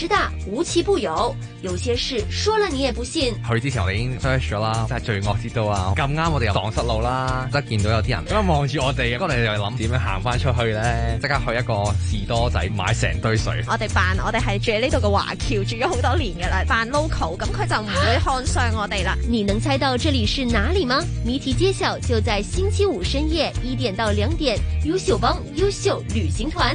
之大無奇不有，有些事說了你也不信。去之前我哋已經 search 咗啦，真係罪惡之都啊！咁啱我哋又蕩失路啦，得見到有啲人咁對樣望住我哋，不過你又諗點樣行翻出去咧？即刻、嗯、去一個士多仔買成堆水。我哋扮我哋係住喺呢度嘅華僑，住咗好多年嘅啦，扮 local，咁佢就唔會看上我哋啦。啊、你能猜到這裏是哪裏嗎？謎題揭曉就在星期五深夜一點到兩點，優秀幫優秀旅行團。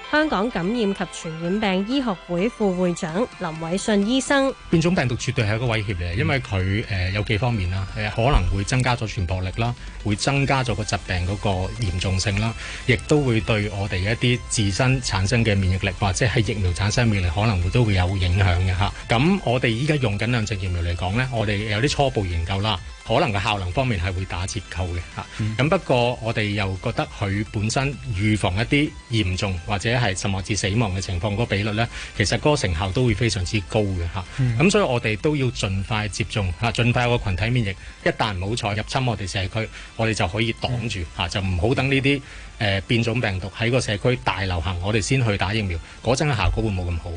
香港感染及傳染病醫學會副會長林偉信醫生：變種病毒絕對係一個威脅嚟，因為佢誒有幾方面啦，係可能會增加咗傳播力啦，會增加咗個疾病嗰個嚴重性啦，亦都會對我哋一啲自身產生嘅免疫力，或者係疫苗產生的免疫力，可能會都會有影響嘅吓，咁我哋依家用緊兩隻疫苗嚟講咧，我哋有啲初步研究啦，可能個效能方面係會打折扣嘅吓，咁、嗯、不過，我哋又覺得佢本身預防一啲嚴重或者～係甚至死亡嘅情況，個比率呢，其實個成效都會非常之高嘅吓。咁、嗯、所以我哋都要盡快接種，吓，盡快有個群體免疫。一旦冇錯入侵我哋社區，我哋就可以擋住，吓、嗯，就唔好等呢啲誒變種病毒喺個社區大流行，我哋先去打疫苗，嗰陣嘅效果會冇咁好。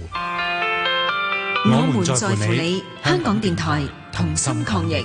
我們在乎你，香港電台同心抗疫。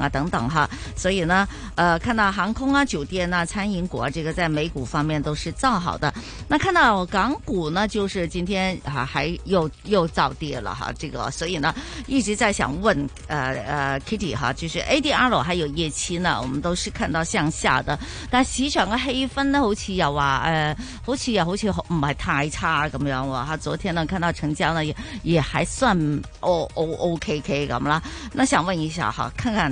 啊等等哈，所以呢，呃，看到航空啊、酒店啊，餐飲股啊，這個在美股方面都是造好的。那看到港股呢，就是今天啊，還又又造跌了哈，這個所以呢，一直在想問呃呃，Kitty 哈，就是 A D R 還有夜期呢，我們都是看到向下的。但市場嘅氣氛呢，好似又話呃，好似又好似唔係太差咁樣我、啊、哈，昨天呢看到成交呢也也還算 O O O K K 咁啦。那想問一下哈，看看。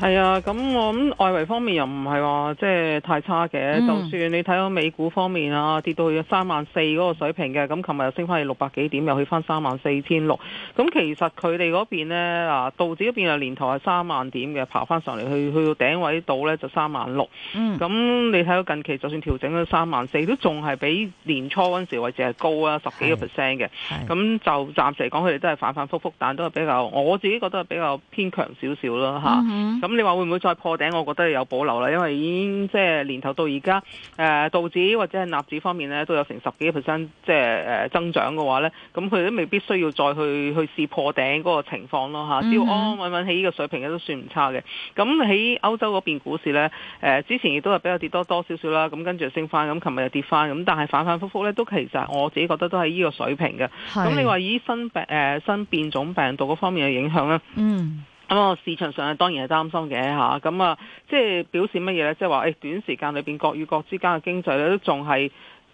係啊，咁我諗外圍方面又唔係話即係太差嘅，嗯、就算你睇到美股方面啊，跌到去咗三萬四嗰個水平嘅，咁琴日又升翻去六百幾點，又去翻三萬四千六。咁其實佢哋嗰邊呢，啊，道指嗰邊啊，年頭係三萬點嘅，爬翻上嚟去去到頂位度呢，就三萬六。咁你睇到近期就算調整到三萬四，都仲係比年初嗰陣時位置係高啊是十幾個 percent 嘅。咁是就暫時嚟講，佢哋都係反反覆覆，但都係比較，我自己覺得係比較偏強少少啦咁、嗯、你話會唔會再破頂？我覺得有保留啦，因為已經即係年頭到而家，誒、呃、道指或者係納指方面咧都有成十幾個 percent 即係、呃、增長嘅話咧，咁佢都未必需要再去去試破頂嗰個情況咯嚇。只要安安穩穩喺呢個水平都算唔差嘅。咁喺歐洲嗰邊股市咧，誒、呃、之前亦都係比較跌多多少少啦。咁跟住升翻，咁琴日又跌翻。咁但係反反覆覆咧，都其實我自己覺得都係依個水平嘅。咁的你話以新病誒、呃、新變種病毒嗰方面嘅影響咧？嗯。咁、嗯、啊，市場上當當然係擔心嘅嚇。咁啊，即係表示乜嘢咧？即係話短時間裏面，國與國之間嘅經濟咧都仲係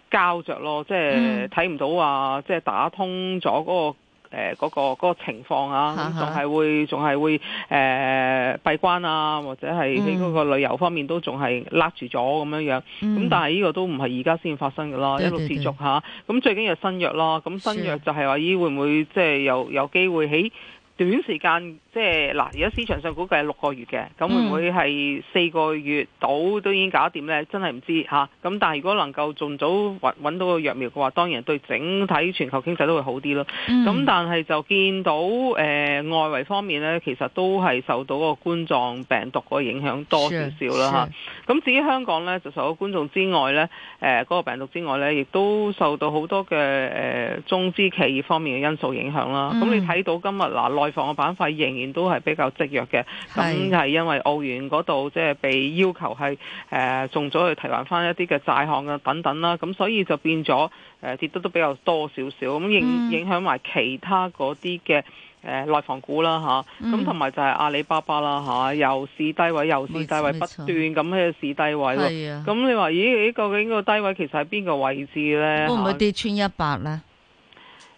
膠着咯，即係睇唔到話、啊、即係打通咗嗰、那個嗰嗰、呃那個那個、情況啊，仲、嗯、係會仲係會誒、呃、閉關啊，或者係喺嗰個旅遊方面都仲係拉住咗咁樣。咁但係呢個都唔係而家先發生嘅啦，一路持續下。咁、啊、最緊要係新約咯，咁新約就係話咦會唔會即係有有機會喺短時間？即係嗱，而家市場上估計係六個月嘅，咁會唔會係四個月到都已經搞掂咧？嗯、真係唔知嚇。咁、啊、但係如果能夠盡早搵到個藥苗嘅話，當然對整體全球經濟都會好啲咯。咁、嗯、但係就見到誒、呃、外圍方面咧，其實都係受到個冠狀病毒個影響多少少啦嚇。咁至於香港咧，就受到觀眾之外咧，嗰、呃那個病毒之外咧，亦都受到好多嘅、呃、中資企業方面嘅因素影響啦。咁、嗯、你睇到今日嗱、呃、內房嘅板塊仍然。都係比較積弱嘅，咁係因為澳元嗰度即係被要求係誒送咗去提還翻一啲嘅債項啊等等啦，咁所以就變咗誒、呃、跌得都比較多少少，咁影影響埋其他嗰啲嘅誒內房股啦嚇，咁同埋就係阿里巴巴啦嚇，又、啊、市低位，又市低位不斷咁喺市低位咯，咁錯你話咦，咦？究竟個低位其實喺邊個位置咧？可唔可以跌穿一百咧？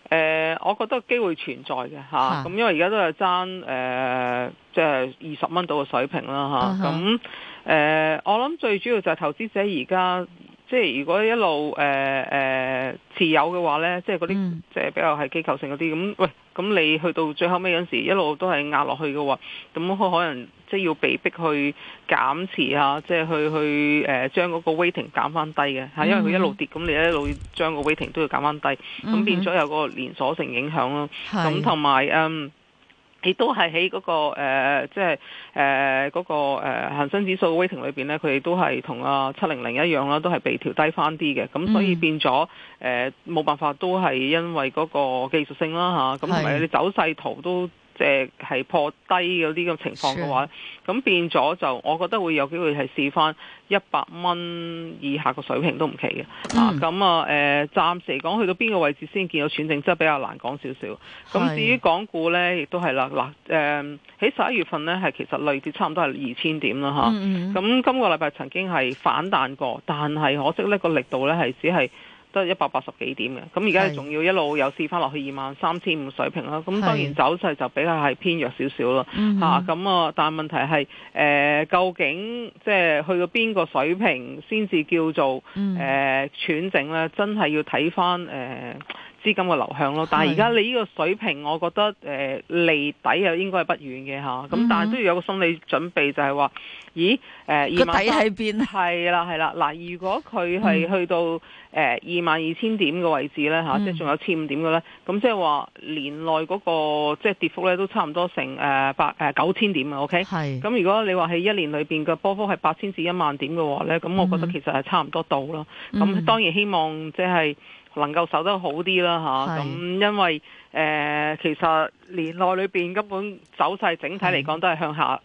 誒、呃，我覺得機會存在嘅嚇，咁、啊嗯、因為而家都係爭誒，即係二十蚊到嘅水平啦嚇，咁、啊、誒、uh huh. 呃，我諗最主要就係投資者而家，即係如果一路誒誒、呃呃、持有嘅話咧，即係嗰啲即係比較係機構性嗰啲咁喂。咁你去到最後尾嗰時，一路都係壓落去嘅喎，咁佢可能即係要被逼去減持啊，即係去去誒、呃、將嗰個 waiting 減翻低嘅嚇，mm hmm. 因為佢一路跌，咁你一路將個 waiting 都要減翻低，咁變咗有個連鎖性影響咯，咁同埋誒亦都係喺嗰個即、呃就是呃那個呃、生指數嘅威 i 裏咧，佢哋都係同啊七零零一樣啦，都係被調低翻啲嘅。咁、嗯、所以變咗冇、呃、辦法都係因為嗰個技術性啦吓，咁同埋你走勢圖都。即係破低嗰啲咁情況嘅話，咁變咗就，我覺得會有機會係試返一百蚊以下個水平都唔奇嘅。嗯、啊，咁啊，誒，暫時嚟講去到邊個位置先見到轉正，真係比較難講少少。咁至於港股呢，亦都係啦。嗱、嗯，誒，喺十一月份呢，係其實累跌差唔多係二千點啦，嚇。咁今個禮拜曾經係反彈過，但係可惜呢、個力度呢，係只係，一百八十幾點嘅，咁而家仲要一路有試翻落去二萬三千五水平啦。咁當然走勢就比較係偏弱少少啦吓咁啊！但問題係、呃、究竟即係、就是、去到邊個水平先至叫做喘整咧？真係要睇翻資金嘅流向咯，但係而家你呢個水平，我覺得誒離、呃、底又應該係不遠嘅吓，咁的但係都要有個心理準備，就係話，咦，誒、呃、二萬三，個底喺邊？係啦係啦，嗱，如果佢係去到誒、嗯呃、二萬二千點嘅位置咧吓、啊，即係仲有千五點嘅咧，咁、嗯那個、即係話年內嗰個即係跌幅咧都差唔多成誒八誒九千點嘅，OK，係的。咁如果你話喺一年裏邊嘅波幅係八千至一萬點嘅話咧，咁我覺得其實係差唔多到啦。咁、嗯、當然希望即係。能夠守得好啲啦嚇，咁因為誒、呃，其實年內裏邊根本走勢整體嚟講都係向下。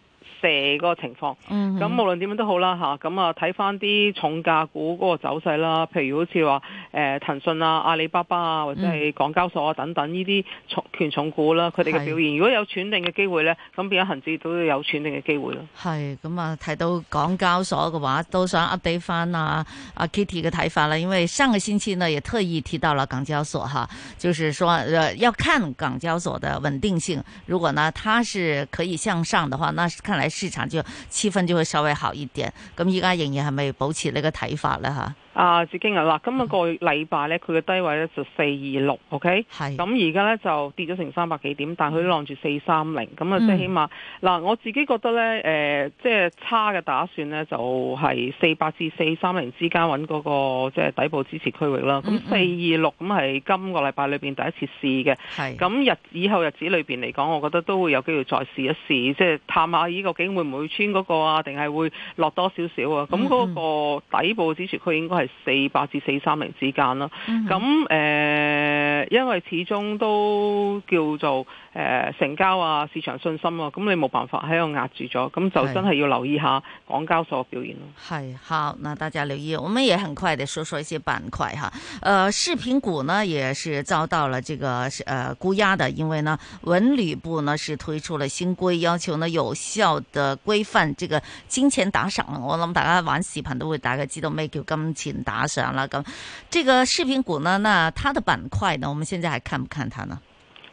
嘅個情況，咁、嗯、無論點樣都好啦嚇，咁啊睇返啲重價股嗰個走勢啦，譬如好似話誒騰訊啊、阿里巴巴啊，或者係港交所啊等等呢啲重權重股啦，佢哋嘅表現，是如果有喘定嘅機會咧，咁變咗恒指都有喘定嘅機會咯。係，咁、嗯、啊提到港交所嘅話，都想 update 翻啊阿 Kitty 嘅睇法啦，因為上個星期呢也特意提到喇港交所嚇，就是說，要看港交所嘅穩定性，如果呢它是可以向上嘅話，那係看來。市場就氣氛就會稍微好一點，咁而家仍然係咪保持呢個睇法咧？吓。啊，紫荊啊，嗱，今個禮拜咧，佢嘅低位咧就四二六，OK，係，咁而家咧就跌咗成三百幾點，但佢都晾住四三零，咁啊，即係起碼嗱、嗯啊，我自己覺得咧，即、呃、係、就是、差嘅打算呢，就係四百至四三零之間揾嗰、那個即係、就是、底部支持區域啦。咁四二六咁係今個禮拜裏面第一次試嘅，咁是日以後日子裏面嚟講，我覺得都會有機會再試一試，即、就、係、是、探下依個竟會唔會穿嗰個啊，定係會落多少少啊？咁嗰、嗯、個底部支持區應該係。係四百至四三零之間啦，咁，誒、呃，因為始終都叫做誒、呃、成交啊，市場信心啊，咁你冇辦法喺度壓住咗，咁就真係要留意下港交所嘅表現咯。係好，嗱，大家留意，我們也很快地說說一些板塊哈。誒、呃，視頻股呢，也是遭到了這個誒估壓的，因為呢文旅部呢是推出了新規，要求呢有效的規範這個金錢打賞。我諗大家玩視頻都會大概知道咩叫金錢。打賞啦咁，這個視頻股呢？那它的板塊呢？我們現在還看不看它呢？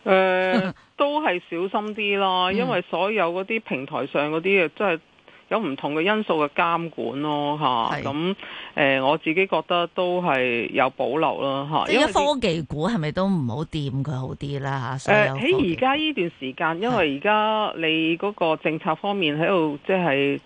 誒、呃，都係小心啲咯， 因為所有嗰啲平台上嗰啲嘅，即、就、係、是、有唔同嘅因素嘅監管咯，吓是。咁誒、啊呃，我自己覺得都係有保留咯，吓。而家科技股係咪都唔好掂佢好啲啦？吓、呃，喺而家呢段時間，因為而家你嗰個政策方面喺度，即係。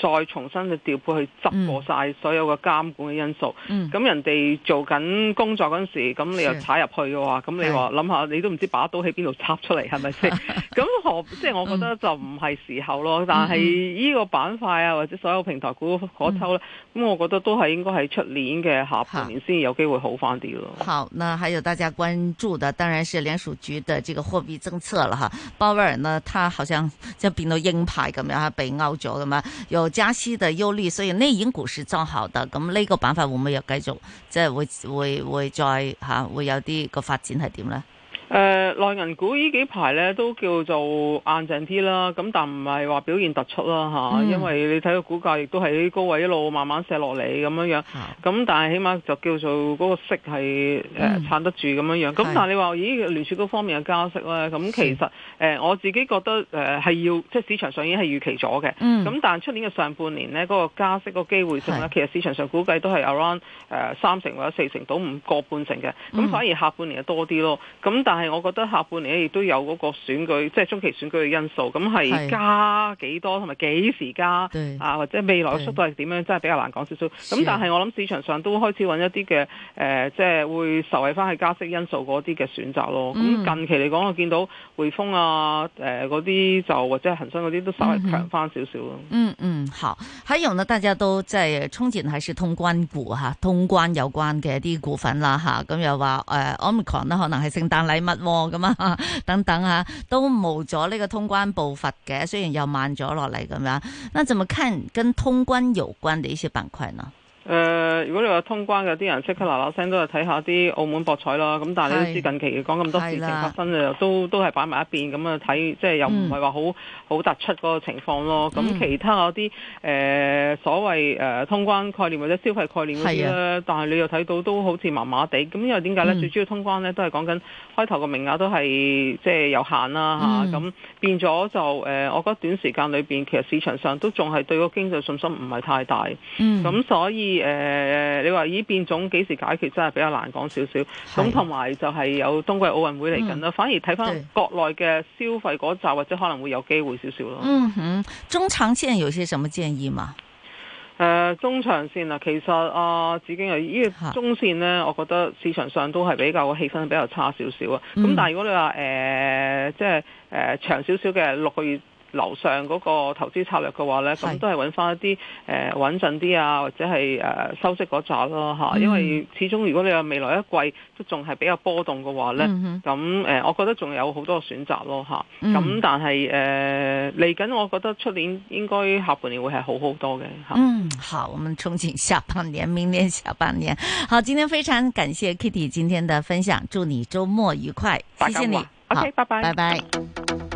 再重新去調配去執過晒所有嘅監管嘅因素，咁、嗯、人哋做緊工作嗰陣時，咁、嗯、你又踩入去嘅話，咁是你話諗下，的你都唔知把刀喺邊度插出嚟係咪先？咁 何即係我覺得就唔係時候咯。嗯、但係呢個板塊啊，或者所有平台股可抽咧，咁、嗯、我覺得都係應該係出年嘅下半年先有機會好返啲咯。好，那還有大家關注的，當然是聯儲局的這個貨幣政策啦。哈，鮑威爾呢，他好像即係變到鷹派咁樣，被勾咗咁嘛。又。加息的憂慮，所以內銀股仲好的，咁呢個板塊會唔會又繼續，即係會會會再吓、啊、會有啲個發展係點咧？誒、呃、內銀股幾呢幾排咧都叫做硬淨啲啦，咁但唔係話表現突出啦嚇，嗯、因為你睇個股價亦都喺高位一路慢慢射落嚟咁樣樣，咁是但係起碼就叫做嗰個息係誒、嗯、撐得住咁樣樣，咁是但係你話咦聯儲局方面嘅加息咧，咁其實誒是、呃、我自己覺得誒係、呃、要即係市場上已經係預期咗嘅，咁、嗯、但係出年嘅上半年呢，嗰、那個加息個機會性咧，是其實市場上估計都係 around 誒、呃、三成或者四成到五個半成嘅，咁、嗯、反而下半年係多啲咯，咁但，但但係，我覺得下半年亦都有嗰個選舉，即係中期選舉嘅因素。咁係加幾多同埋幾時加對啊？或者未來速度係點樣，對真係比較難講少少。咁是但係我諗市場上都開始揾一啲嘅誒，即係會受惠翻去加息因素嗰啲嘅選擇咯。咁近期嚟講，嗯、我見到匯豐啊，誒嗰啲就或者恒生嗰啲都稍微強翻少少咯。嗯嗯，好。喺度呢，大家都即係衝前係説通關股嚇、啊，通關有關嘅一啲股份啦吓，咁、啊、又話誒、呃、Omicron 可能係聖誕禮物咁啊，等等啊，都冇咗呢個通關步伐嘅，雖然又慢咗落嚟咁樣。那怎麼看跟通關有關嘅一些板塊呢？誒、呃，如果你話通關嘅啲人即刻嗱嗱聲都係睇下啲澳門博彩啦，咁但係你都知近期講咁多事情發生啊的，都都係擺埋一邊，咁啊睇即係又唔係話好好突出嗰個情況咯。咁、嗯、其他嗰啲誒所謂誒、呃、通關概念或者消費概念嗰啲咧，的但係你又睇到都好似麻麻地。咁因為點解咧？嗯、最主要通關咧都係講緊開頭個名額都係即係有限啦、啊、咁、嗯啊、變咗就誒、呃，我覺得短時間裏邊，其實市場上都仲係對個經濟信心唔係太大，咁、嗯、所以。誒、呃，你話以變種幾時解決真係比較難講少少，咁同埋就係有冬季奧運會嚟緊啦，嗯、反而睇翻國內嘅消費嗰集或者可能會有機會少少咯。嗯哼，中長線有些什麼建議嘛？誒、呃，中長線啊，其實啊、呃，紫荊啊，依個中線呢，我覺得市場上都係比較氣氛比較差少少啊。咁、嗯、但係如果你話誒、呃，即係誒、呃、長少少嘅六個月。樓上嗰個投資策略嘅話呢，咁都係揾翻一啲誒穩陣啲啊，或者係誒、呃、收息嗰扎咯嚇。因為始終如果你有未來一季都仲係比較波動嘅話呢，咁誒、嗯哼呃，我覺得仲有好多選擇咯嚇。咁、啊嗯、但係誒嚟緊，呃、我覺得出年應該下半年會係好好多嘅嚇。嗯，好，我們憧憬下半年，明年下半年。好，今天非常感謝 Kitty 今天的分享，祝你周末愉快，大家 謝謝你。OK，好好拜拜，拜拜。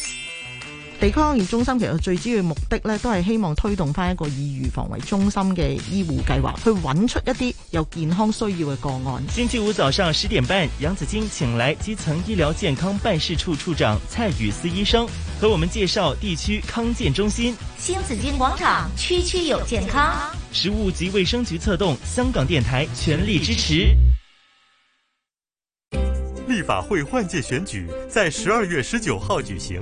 地區康健中心其實最主要的目的呢，都係希望推動翻一個以預防為中心嘅醫護計劃，去揾出一啲有健康需要嘅個案。星期五早上十點半，楊子矜請來基層醫療健康辦事處處長蔡宇思醫生，和我們介紹地區康健中心。新紫荊廣場區區有健康，食物及衛生局策動，香港電台全力支持。立法會換屆選舉在十二月十九號舉行。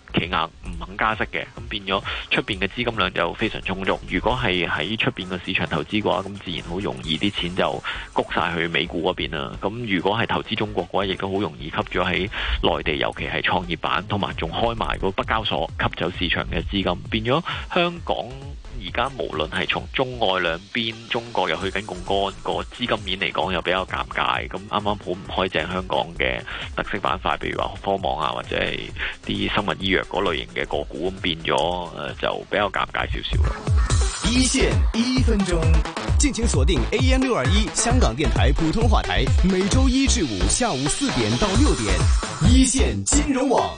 企硬唔肯加息嘅，咁變咗出邊嘅資金量就非常充足。如果係喺出邊嘅市場投資嘅話，咁自然好容易啲錢就谷晒去美股嗰邊啦。咁如果係投資中國嘅話，亦都好容易吸咗喺內地，尤其係創業板同埋仲開埋個北交所吸走市場嘅資金，變咗香港。而家無論係從中外兩邊，中國又去緊共幹個資金面嚟講又比較尷尬，咁啱啱好唔開正香港嘅特色板塊，譬如話科網啊，或者係啲生物醫藥嗰類型嘅個股，咁變咗，誒就比較尷尬少少啦。一線一分鐘，敬請鎖定 AM 六二一香港電台普通話台，每周一至五下午四點到六點，一線金融網。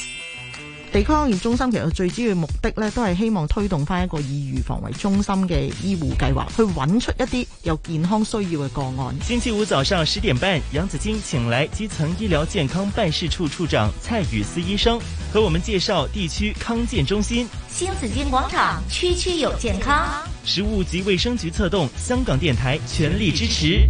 地區康健中心其實最主要的目的咧，都係希望推動翻一個以預防為中心嘅醫護計劃，去揾出一啲有健康需要嘅個案。星期五早上十點半，楊子矜請來基層醫療健康辦事處處長蔡宇思醫生，和我們介紹地區康健中心。新紫荊廣場區區有健康，食物及衛生局策動，香港電台全力支持。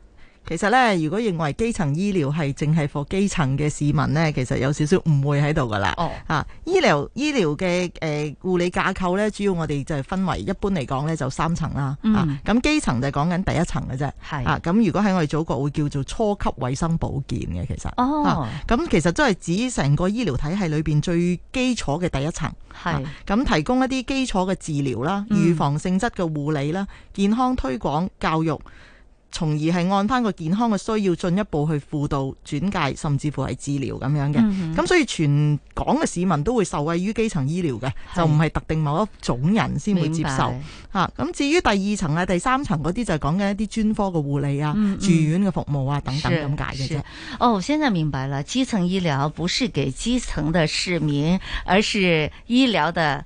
其實咧，如果認為基層醫療係淨係服基層嘅市民咧，其實有少少誤會喺度噶啦。哦，吓、啊、醫療醫療嘅誒護理架構咧，主要我哋就係分為一般嚟講咧就三層啦。啊、嗯，咁基層就係講緊第一層嘅啫。係是，咁、啊、如果喺我哋祖國會叫做初級衛生保健嘅其實。哦，咁、啊、其實都係指成個醫療體系裏邊最基礎嘅第一層。係是，咁、啊、提供一啲基礎嘅治療啦、預防性質嘅護理啦、嗯、健康推廣教育。從而係按翻個健康嘅需要，進一步去輔導、轉介，甚至乎係治療咁樣嘅。咁、嗯、哼所以全港嘅市民都會受惠於基層醫療嘅，是就唔係特定某一種人先會接受。嚇白，咁、啊、至於第二層啊、第三層嗰啲就係講緊一啲專科嘅護理啊、嗯嗯住院嘅服務啊等等咁解嘅啫。哦，我現在明白了，基層醫療不是給基層的市民，嗯、而是醫療的。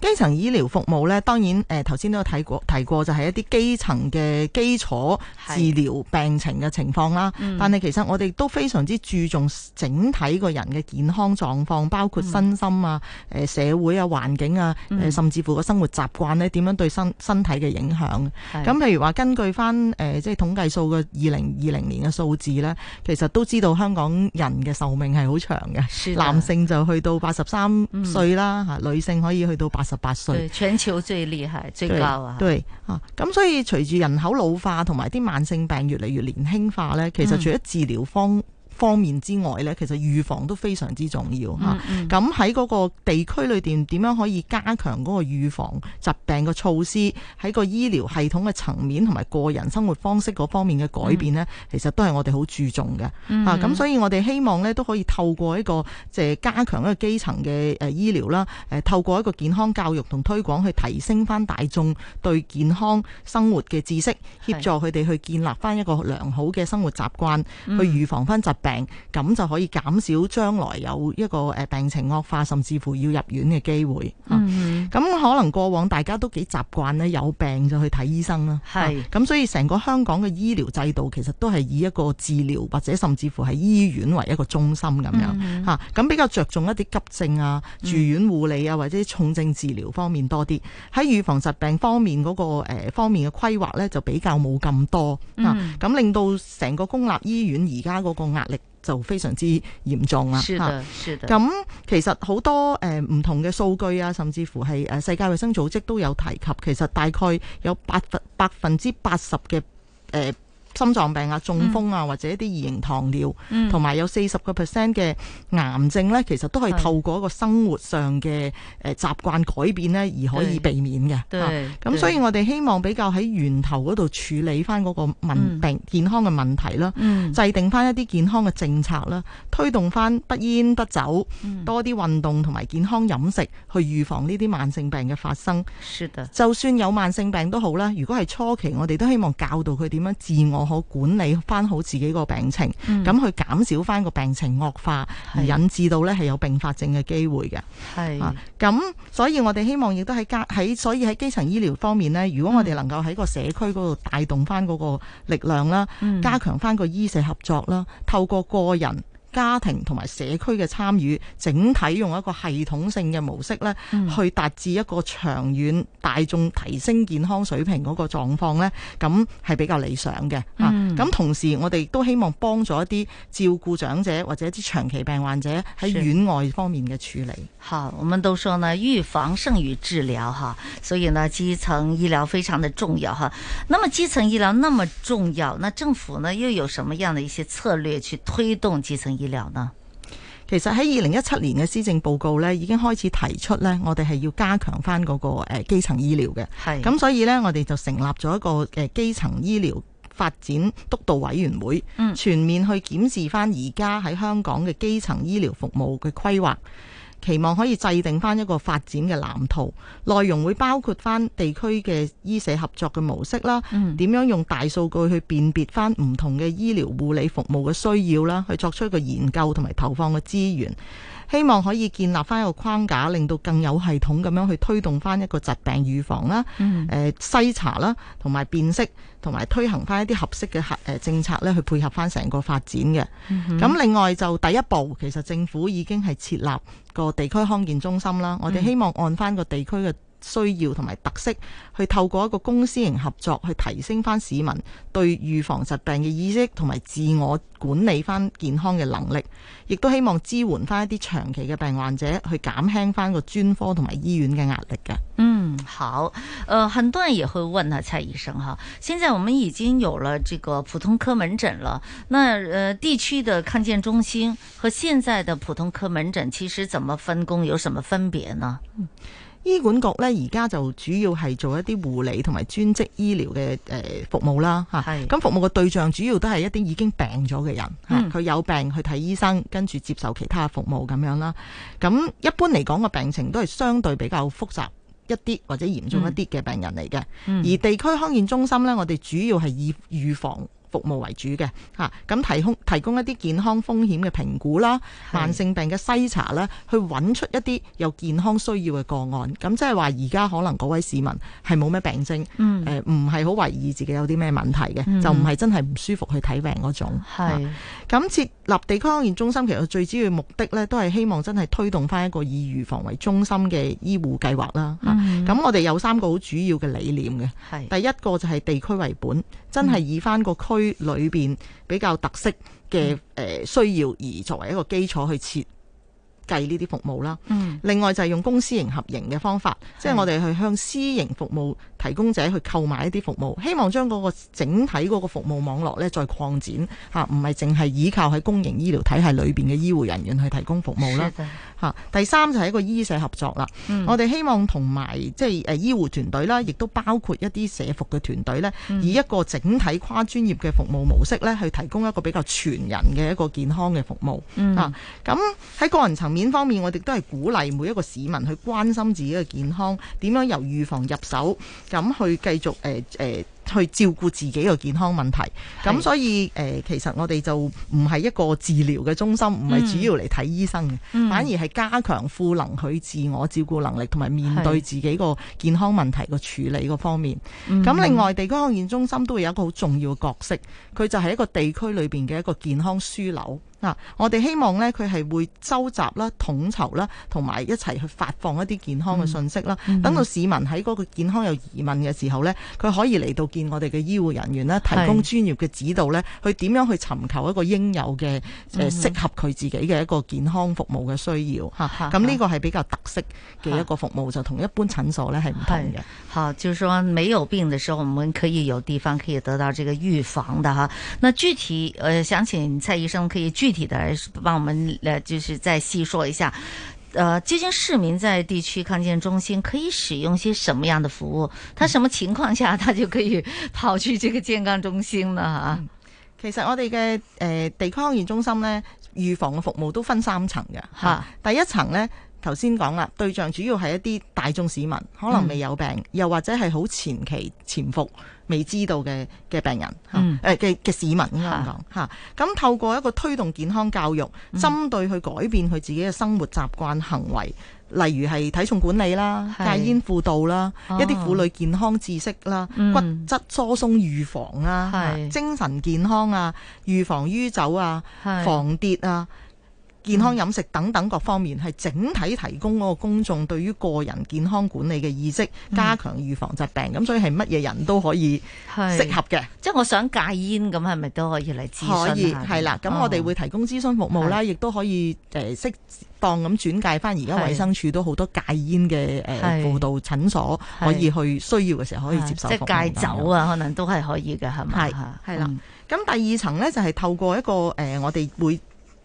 基層醫療服務咧，當然誒頭先都有睇過提過，提過就係一啲基層嘅基礎治療病情嘅情況啦。嗯、但係其實我哋都非常之注重整體個人嘅健康狀況，包括身心啊、誒、嗯、社會啊、環境啊、誒、嗯、甚至乎個生活習慣咧點樣對身身體嘅影響。咁是譬如話根據翻誒即係統計數嘅二零二零年嘅數字咧，其實都知道香港人嘅壽命係好長嘅，的男性就去到八十三歲啦，吓、嗯、女性可以去到八。十八歲，全球最厲害，最高啊！對啊，咁所以隨住人口老化同埋啲慢性病越嚟越年輕化咧，其實除咗治療方。嗯方面之外咧，其實預防都非常之重要嚇。咁喺嗰個地區裏邊點樣可以加強嗰個預防疾病嘅措施？喺個醫療系統嘅層面同埋個人生活方式嗰方面嘅改變咧，嗯、其實都係我哋好注重嘅嚇。咁、嗯嗯、所以我哋希望咧都可以透過一個即係加強一個基層嘅誒醫療啦，誒透過一個健康教育同推廣去提升翻大眾對健康生活嘅知識，嗯、協助佢哋去建立翻一個良好嘅生活習慣，嗯、去預防翻疾病。病，咁就可以減少將來有一個誒病情惡化，甚至乎要入院嘅機會。嗯。咁、嗯、可能過往大家都幾習慣咧，有病就去睇醫生啦。咁係、啊、所以成個香港嘅醫療制度其實都係以一個治療或者甚至乎係醫院為一個中心咁樣吓。咁比較着重一啲急症啊、住院護理啊、嗯、或者重症治療方面多啲。喺預防疾病方面嗰、嗰個、呃、方面嘅規劃咧，就比較冇咁多啊。咁、啊、令到成個公立醫院而家嗰個壓力。就非常之嚴重啦，嚇！咁、啊、其實好多誒唔、呃、同嘅數據啊，甚至乎係世界衛生組織都有提及，其實大概有百分百分之八十嘅心臟病啊、中風啊，或者一啲二型糖尿，同埋有四十個 percent 嘅癌症咧，其實都係透過一個生活上嘅誒習慣改變咧，而可以避免嘅。咁所以我哋希望比較喺源頭嗰度處理翻嗰個問病健康嘅問題啦，制定翻一啲健康嘅政策啦，推動翻不煙不酒，多啲運動同埋健康飲食，去預防呢啲慢性病嘅發生。就算有慢性病都好啦，如果係初期，我哋都希望教導佢點樣自我。我可管理翻好自己個病情，咁、嗯、去減少翻個病情惡化，是而引致到呢係有併發症嘅機會嘅。係是，咁、啊、所以我哋希望亦都喺家喺，所以喺基層醫療方面呢，如果我哋能夠喺個社區嗰度帶動翻嗰個力量啦，嗯、加強翻個醫社合作啦，透過個人。家庭同埋社區嘅參與，整體用一個系統性嘅模式咧，嗯、去達至一個長遠大眾提升健康水平嗰個狀況咧，咁係比較理想嘅。嚇、嗯，咁、啊、同時我哋都希望幫助一啲照顧長者或者一啲長期病患者喺院外方面嘅處理。好，我們都說呢，預防勝於治療，哈，所以呢，基層醫療非常的重要，哈。那麼基層醫療那麼重要，那政府呢，又有什麼樣的一些策略去推動基層醫療呢？其實喺二零一七年嘅施政報告呢，已經開始提出呢，我哋係要加強翻嗰個誒基層醫療嘅。係咁的，所以呢，我哋就成立咗一個誒基層醫療發展督導委員會，嗯，全面去檢視翻而家喺香港嘅基層醫療服務嘅規劃。期望可以制定翻一個發展嘅藍圖，內容會包括翻地區嘅醫社合作嘅模式啦，點樣用大數據去辨別翻唔同嘅醫療護理服務嘅需要啦，去作出一個研究同埋投放嘅資源。希望可以建立翻一個框架，令到更有系統咁樣去推動翻一個疾病預防啦、嗯哼呃，篩查啦，同埋辨識，同埋推行翻一啲合適嘅政策咧，去配合翻成個發展嘅。咁、嗯、哼另外就第一步，其實政府已經係設立個地區康健中心啦。嗯、我哋希望按翻個地區嘅。需要同埋特色，去透過一個公私營合作，去提升翻市民對預防疾病嘅意識，同埋自我管理翻健康嘅能力，亦都希望支援翻一啲長期嘅病患者，去減輕翻個專科同埋醫院嘅壓力嘅。嗯，好。誒、呃，很多人也會問啊，蔡醫生哈，現在我們已經有了這個普通科門診了，那誒、呃、地區的康健中心和現在的普通科門診其實怎麼分工，有什麼分別呢？嗯醫管局咧，而家就主要係做一啲護理同埋專職醫療嘅誒服務啦，吓是，咁服務嘅對象主要都係一啲已經病咗嘅人，吓、嗯，佢有病去睇醫生，跟住接受其他服務咁樣啦。咁一般嚟講，個病情都係相對比較複雜一啲或者嚴重一啲嘅病人嚟嘅，嗯嗯、而地區康健中心咧，我哋主要係以預防。服務為主嘅，吓、啊、咁提供提供一啲健康風險嘅評估啦，是慢性病嘅篩查啦，去揾出一啲有健康需要嘅個案。咁即係話而家可能嗰位市民係冇咩病症，唔係好懷疑自己有啲咩問題嘅，嗯、就唔係真係唔舒服去睇病嗰種。係咁設立地區康健中心，其實最主要的目的呢都係希望真係推動翻一個以預防為中心嘅醫護計劃啦。吓、啊、咁、嗯啊啊啊、我哋有三個好主要嘅理念嘅，是第一個就係地區為本。真係以翻個區裏面比較特色嘅、誒需要而作為一個基礎去設計呢啲服務啦。另外就係用公私營合營嘅方法，即係我哋去向私營服務提供者去購買一啲服務，希望將嗰個整體嗰個服務網絡咧再擴展嚇，唔係淨係依靠喺公營醫療體系裏面嘅醫護人員去提供服務啦。吓、第三就係一個醫社合作啦。嗯、我哋希望同埋即係誒醫護團隊啦，亦都包括一啲社服嘅團隊咧，嗯、以一個整體跨專業嘅服務模式咧，去提供一個比較全人嘅一個健康嘅服務、嗯、啊。咁喺個人層面方面，我哋都係鼓勵每一個市民去關心自己嘅健康，點樣由預防入手，咁去繼續誒、呃呃去照顧自己個健康問題，咁所以是、呃、其實我哋就唔係一個治療嘅中心，唔係主要嚟睇醫生嘅，嗯、反而係加強賦能佢自我照顧能力同埋面對自己個健康問題個處理個方面。咁是另外、嗯、地區康健中心都會有一個好重要嘅角色，佢就係一個地區裏面嘅一個健康樞紐。嗱、啊，我哋希望咧，佢係會收集啦、統籌啦，同埋一齊去發放一啲健康嘅信息啦。嗯嗯、等到市民喺嗰個健康有疑問嘅時候咧，佢可以嚟到見我哋嘅醫護人員啦，提供專業嘅指導咧，是去點樣去尋求一個應有嘅誒適合佢自己嘅一個健康服務嘅需要嚇。咁呢、啊啊、個係比較特色嘅一個服務，啊、就同一般診所咧係唔同嘅。嚇，就是、說沒有病的時候，我們可以有地方可以得到這個預防的吓，那具體，呃，想請蔡醫生可以具體的幫我們來，就是再細說一下，呃，究竟市民在地區康健中心可以使用些什麼樣的服務？他什麼情況下他就可以跑去這個健康中心了、啊嗯、其實我哋嘅誒，地區康健中心呢，預防嘅服務都分三層嘅。吓、嗯，第一層呢，頭先講啦，對象主要係一啲大眾市民，可能未有病，嗯、又或者係好前期潛伏。未知道嘅嘅病人，誒嘅嘅市民咁講吓，咁透過一個推動健康教育，嗯、針對去改變佢自己嘅生活習慣行為，是例如係體重管理啦、是戒煙輔導啦、哦、一啲婦女健康知識啦、嗯、骨質疏鬆預防啊、是精神健康啊、預防酗酒啊、是防跌啊。健康飲食等等各方面，係整體提供嗰個公眾對於個人健康管理嘅意識，加強預防疾病。咁所以係乜嘢人都可以適合嘅。即係我想戒煙，咁係咪都可以嚟諮詢下？可以係啦。咁、哦、我哋會提供諮詢服務啦，亦都的可以誒適、呃、當咁轉介翻而家衞生署都好多戒煙嘅誒輔導診所，的可以去需要嘅時候可以接受。即係戒酒啊，可能都係可以嘅，係咪的？係係啦。咁的、嗯、第二層呢，就係、是、透過一個誒、呃，我哋會。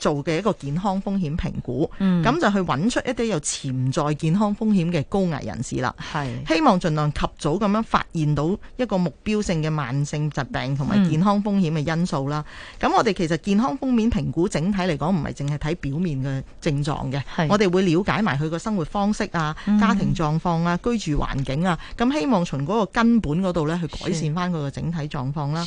做嘅一個健康風險評估，咁、嗯、就去揾出一啲有潛在健康風險嘅高危人士啦。係是希望盡量及早咁樣發現到一個目標性嘅慢性疾病同埋健康風險嘅因素啦。咁、嗯、我哋其實健康風險評估整體嚟講唔係淨係睇表面嘅症狀嘅。是我哋會了解埋佢嘅生活方式啊、嗯、家庭狀況啊、居住環境啊。咁希望從嗰個根本嗰度咧去改善翻佢嘅整體狀況啦。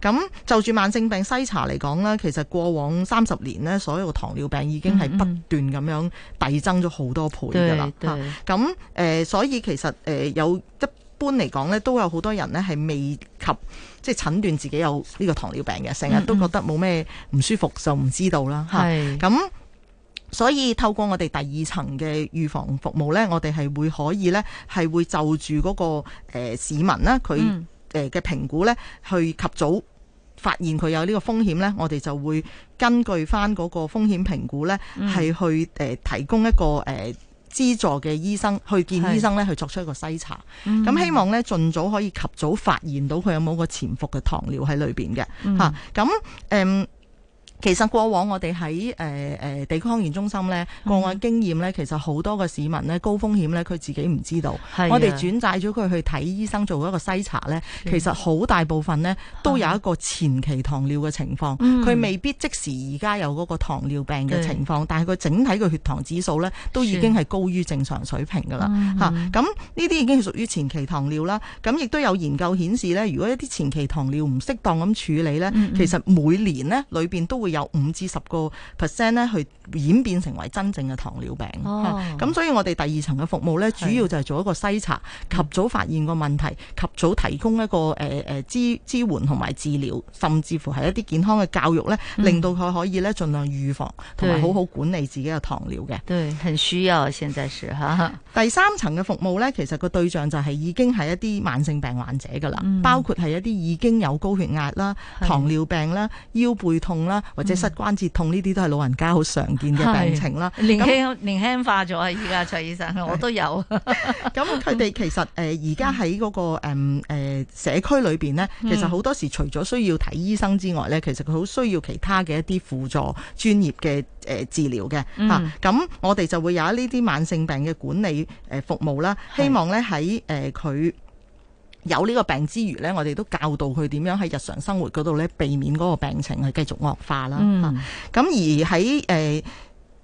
咁就住慢性病篩查嚟講咧，其實過往三十年咧。所有嘅糖尿病已經係不斷咁樣遞增咗好多倍噶啦，吓咁誒，所以其實誒有、呃、一般嚟講咧，都有好多人咧係未及即係診斷自己有呢個糖尿病嘅，成日都覺得冇咩唔舒服就唔知道啦，吓咁。所以透過我哋第二層嘅預防服務咧，我哋係會可以咧係會就住嗰、嗰個誒、呃、市民咧佢誒嘅評估咧去及早。發現佢有呢個風險咧，我哋就會根據翻嗰個風險評估咧，係、嗯、去誒、呃、提供一個誒、呃、資助嘅醫生去見醫生咧，是去作出一個篩查。咁、嗯、希望咧，盡早可以及早發現到佢有冇個潛伏嘅糖尿喺裏邊嘅嚇。咁誒、嗯。啊。其實過往我哋喺誒地區康健中心咧，個案經驗咧，其實好多個市民咧高風險咧，佢自己唔知道。的我哋轉介咗佢去睇醫生做一個篩查咧，的其實好大部分呢都有一個前期糖尿嘅情況，佢的未必即時而家有嗰個糖尿病嘅情況，的但係佢整體嘅血糖指數咧都已經係高於正常水平㗎啦。咁呢啲已經係屬於前期糖尿啦。咁亦都有研究顯示咧，如果一啲前期糖尿唔適當咁處理咧，其實每年呢裏面都會有五至十個 percent 咧，去演變成為真正嘅糖尿病。咁、哦啊、所以我哋第二層嘅服務呢，主要就係做一個篩查，的及早發現個問題，及早提供一個誒誒、呃、支支援同埋治療，甚至乎係一啲健康嘅教育呢、嗯、令到佢可以咧盡量預防，同埋對好好管理自己嘅糖尿嘅。對，很需要，現在是，哈哈第三層嘅服務呢，其實個對象就係已經係一啲慢性病患者噶啦，嗯、包括係一啲已經有高血壓啦、的糖尿病啦、腰背痛啦。或者膝關節痛呢啲、嗯、都係老人家好常見嘅病情啦。年輕年輕化咗啊！依家徐醫生，我都有。咁佢哋其實誒，而家喺嗰個誒誒社區裏邊咧，其實好多時候除咗需要睇醫生之外咧，嗯、其實佢好需要其他嘅一啲輔助專業嘅誒治療嘅吓。咁、嗯啊、我哋就會有呢啲慢性病嘅管理誒服務啦。是希望咧喺誒佢。呃有呢個病之餘咧，我哋都教導佢點樣喺日常生活嗰度咧，避免嗰個病情係繼續惡化啦嚇。咁、嗯、而喺誒、呃、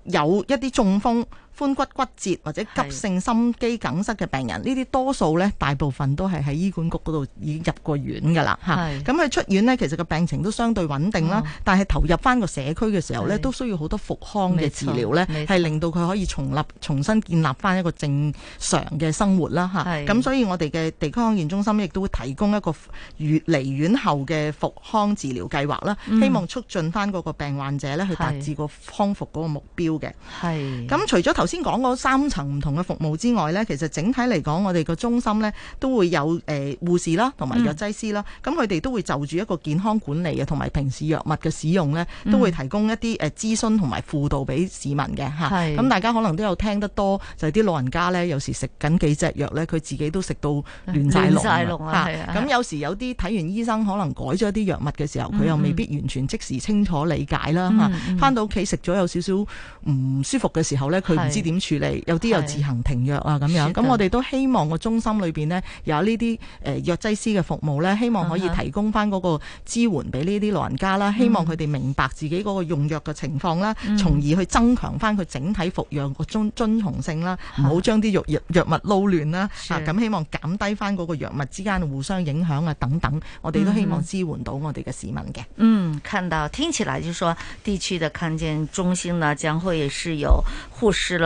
有一啲中風。髖骨骨折或者急性心肌梗塞嘅病人，是呢啲多數咧，大部分都係喺醫管局嗰度已經入過院噶啦吓，咁佢是出院咧，其實個病情都相對穩定啦，哦、但係投入翻個社區嘅時候咧，是都需要好多復康嘅治療咧，係令到佢可以重立、重新建立翻一個正常嘅生活啦吓，咁是、啊、所以我哋嘅地區康健中心亦都會提供一個個離院後嘅復康治療計劃啦，嗯、希望促進翻嗰個病患者咧去達至個康復嗰個目標嘅。係咁是除咗投頭先講嗰三層唔同嘅服務之外呢，其實整體嚟講，我哋個中心呢都會有誒護、呃、士啦，同埋藥劑師啦。咁佢哋都會就住一個健康管理嘅，同埋平時藥物嘅使用呢，嗯、都會提供一啲誒諮詢同埋輔導俾市民嘅嚇。咁是大家可能都有聽得多，就係、是、啲老人家呢，有時食緊幾隻藥呢，佢自己都食到亂晒、龍嚇。咁、啊啊、有時有啲睇完醫生，可能改咗啲藥物嘅時候，佢、嗯嗯、又未必完全即時清楚理解啦嚇。翻到屋企食咗有少少唔舒服嘅時候呢，佢知點處理有啲又自行停藥啊咁樣，咁的我哋都希望個中心裏邊呢，有呢啲誒藥劑師嘅服務呢，希望可以提供翻嗰個支援俾呢啲老人家啦，嗯、希望佢哋明白自己嗰個用藥嘅情況啦，從、嗯、而去增強翻佢整體服藥個遵遵從性啦，唔好將啲藥藥物撈亂啦，是啊咁希望減低翻嗰個藥物之間互相影響啊等等，我哋都希望支援到我哋嘅市民嘅。嗯，看到聽起來就說，就是地區的康健中心呢，將會是有護士啦。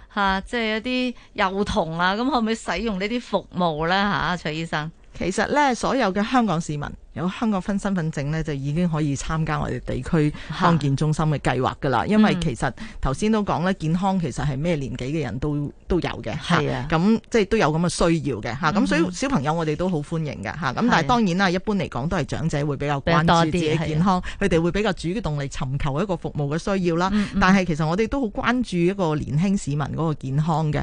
吓、啊，即係一啲幼童啊，咁可唔可以使用呢啲服務咧？吓、啊，蔡醫生，其實咧，所有嘅香港市民。有香港分身份證咧，就已經可以參加我哋地區康健中心嘅計劃㗎啦。因為其實頭先都講咧，健康其實係咩年紀嘅人都都有嘅，係啊，咁即係都有咁嘅需要嘅嚇。咁所以小朋友我哋都好歡迎嘅嚇。咁但係當然啦，一般嚟講都係長者會比較關注自己嘅健康，佢哋會比較主動嚟尋求一個服務嘅需要啦。但係其實我哋都好關注一個年輕市民嗰個健康嘅。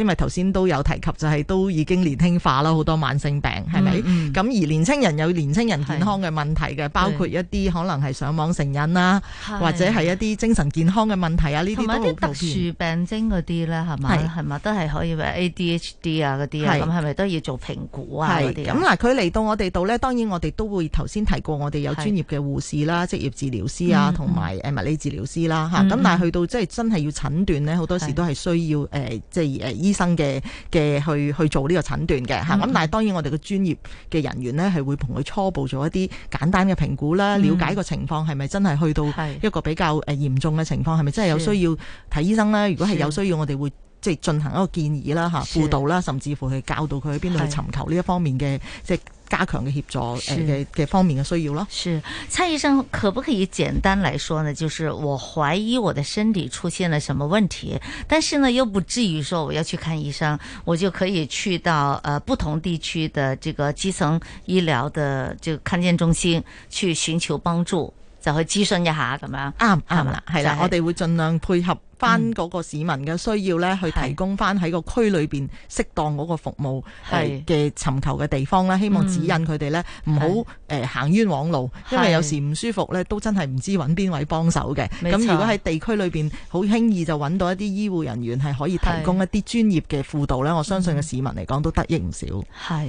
因為頭先都有提及，就係都已經年輕化啦，好多慢性病係咪？咁而年輕人有年輕。人健康嘅問題嘅，包括一啲可能係上網成癮啦，或者係一啲精神健康嘅問題啊，呢啲都都普遍。特殊病徵嗰啲咧，係咪係咪都係可以咩 ADHD 啊嗰啲，咁係咪都要做評估啊嗰啲？咁嗱，佢嚟到我哋度咧，當然我哋都會頭先提過，我哋有專業嘅護士啦、職業治療師啊，同埋誒物理治療師啦吓，咁但係去到即係真係要診斷咧，好多時都係需要誒即係誒醫生嘅嘅去去做呢個診斷嘅吓，咁但係當然我哋嘅專業嘅人員咧係會同佢初步。做咗一啲簡單嘅評估啦，了解個情況係咪真係去到一個比較誒嚴重嘅情況，係咪真係有需要睇醫生啦？如果係有需要，我哋會。即係進行一個建議啦嚇，輔導啦，是甚至乎去教導佢去邊度去尋求呢一方面嘅是即係加強嘅協助誒嘅嘅方面嘅需要咯是。蔡醫生可不可以簡單來說呢？就是我懷疑我的身體出現了什麼問題，但是呢又不至於說我要去看醫生，我就可以去到誒、呃、不同地區的這個基層醫療的這個康健中心去尋求幫助，就去諮詢一下咁樣。啱啱啦，係啦，我哋會盡量配合。翻嗰、嗯、個市民嘅需要咧，去提供翻喺個區裏邊適當嗰個服務係嘅是、呃、尋求嘅地方啦。希望指引佢哋咧唔好誒行冤枉路，因為有時唔舒服咧是都真係唔知揾邊位幫手嘅。咁錯如果喺地區裏邊好輕易就揾到一啲醫護人員係可以提供一啲專業嘅輔導咧，是我相信嘅市民嚟講都得益唔少。係，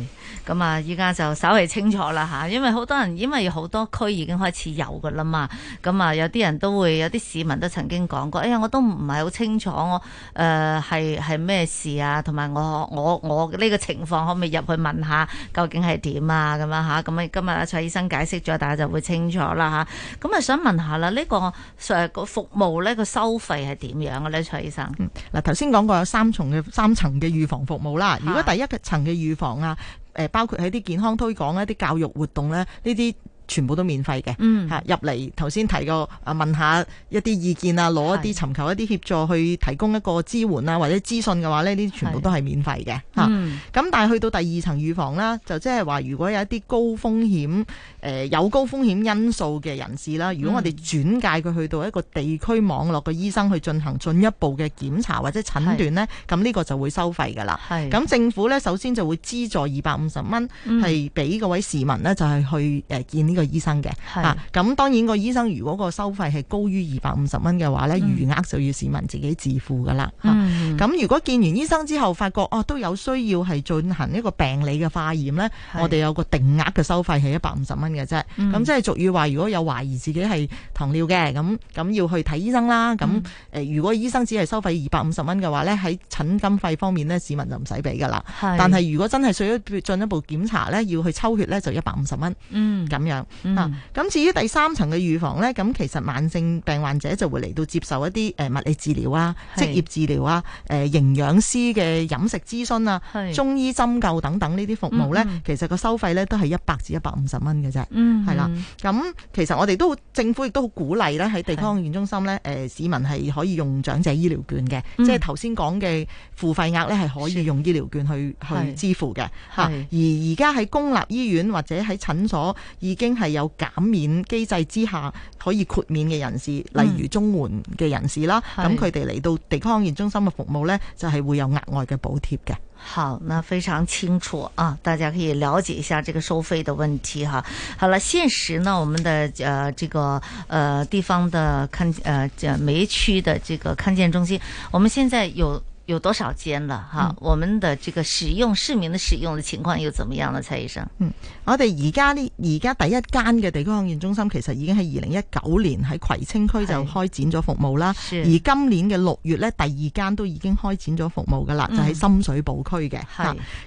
咁啊依家就稍微清楚啦嚇，因為好多人因為好多區已經開始有㗎啦嘛，咁啊有啲人都會有啲市民都曾經講過，哎呀我都唔～唔係好清楚，誒係係咩事啊？同埋我我我呢個情況可唔可以入去問下，究竟係點啊？咁樣吓，咁啊今日阿蔡醫生解釋咗，大家就會清楚啦吓，咁啊想問下啦，呢個誒個服務咧個收費係點樣嘅咧，蔡醫生？嗯，嗱頭先講過有三重嘅三層嘅預防服務啦。如果第一層嘅預防啊，誒包括喺啲健康推廣一啲教育活動咧，呢啲。全部都免費嘅，吓入嚟頭先提過啊，問下一啲意見啊，攞一啲尋求一啲協助去提供一個支援啊或者資訊嘅話咧，呢啲全部都係免費嘅吓。咁、嗯啊、但係去到第二層預防啦，就即係話如果有一啲高風險誒、呃、有高風險因素嘅人士啦，如果我哋轉介佢去到一個地區網絡嘅醫生去進行進一步嘅檢查或者診斷咧，咁呢是個就會收費噶啦。咁是政府咧首先就會資助二百五十蚊，係俾嗰位市民咧就係、是、去誒、呃、見、這。呢個個醫生嘅吓，咁是、啊、當然個醫生如果個收費係高於二百五十蚊嘅話咧，餘額就要市民自己自付噶啦。咁、嗯啊、如果見完醫生之後發覺哦、啊、都有需要係進行一個病理嘅化驗咧，是我哋有個定額嘅收費係一百五十蚊嘅啫。咁、嗯、即係俗語話如果有懷疑自己係糖尿嘅，咁咁要去睇醫生啦。咁誒、嗯，如果醫生只係收費二百五十蚊嘅話咧，喺診金費方面咧，市民就唔使俾噶啦。是但係如果真係需要進一步檢查咧，要去抽血咧，就一百五十蚊。嗯，咁樣。嗱，咁、嗯啊、至於第三層嘅預防咧，咁其實慢性病患者就會嚟到接受一啲誒物理治療啊、職業治療啊、誒是、呃、營養師嘅飲食諮詢啊、是中醫針灸等等呢啲服務咧，其實個收費咧都係一百至一百五十蚊嘅啫。係啦，咁其實我哋都政府亦都好鼓勵咧喺地方院中心地區康健中心咧，誒是、呃、市民係可以用長者醫療券嘅，嗯、即係頭先講嘅付費額咧係可以用醫療券去是去支付嘅嚇、啊。而而家喺公立醫院或者喺診所已經係有減免機制之下，可以豁免嘅人士，例如綜援嘅人士啦，咁佢哋嚟到地區康健中心嘅服務呢，就係、是、會有額外嘅補貼嘅。好，那非常清楚啊，大家可以了解一下這個收費的問題哈、啊。好了，現時呢，我們的誒、呃，這個誒、呃、地方的看誒，這每區的這個康健中心，我們現在有。有多少間了？吓、嗯，我們的這個使用市民的使用的情況又怎麼樣了？蔡醫生，嗯，我哋而家呢，而家第一間嘅地區康健中心其實已經喺二零一九年喺葵青區就開展咗服務啦。是而今年嘅六月咧，第二間都已經開展咗服務噶啦，是就喺深水埗區嘅。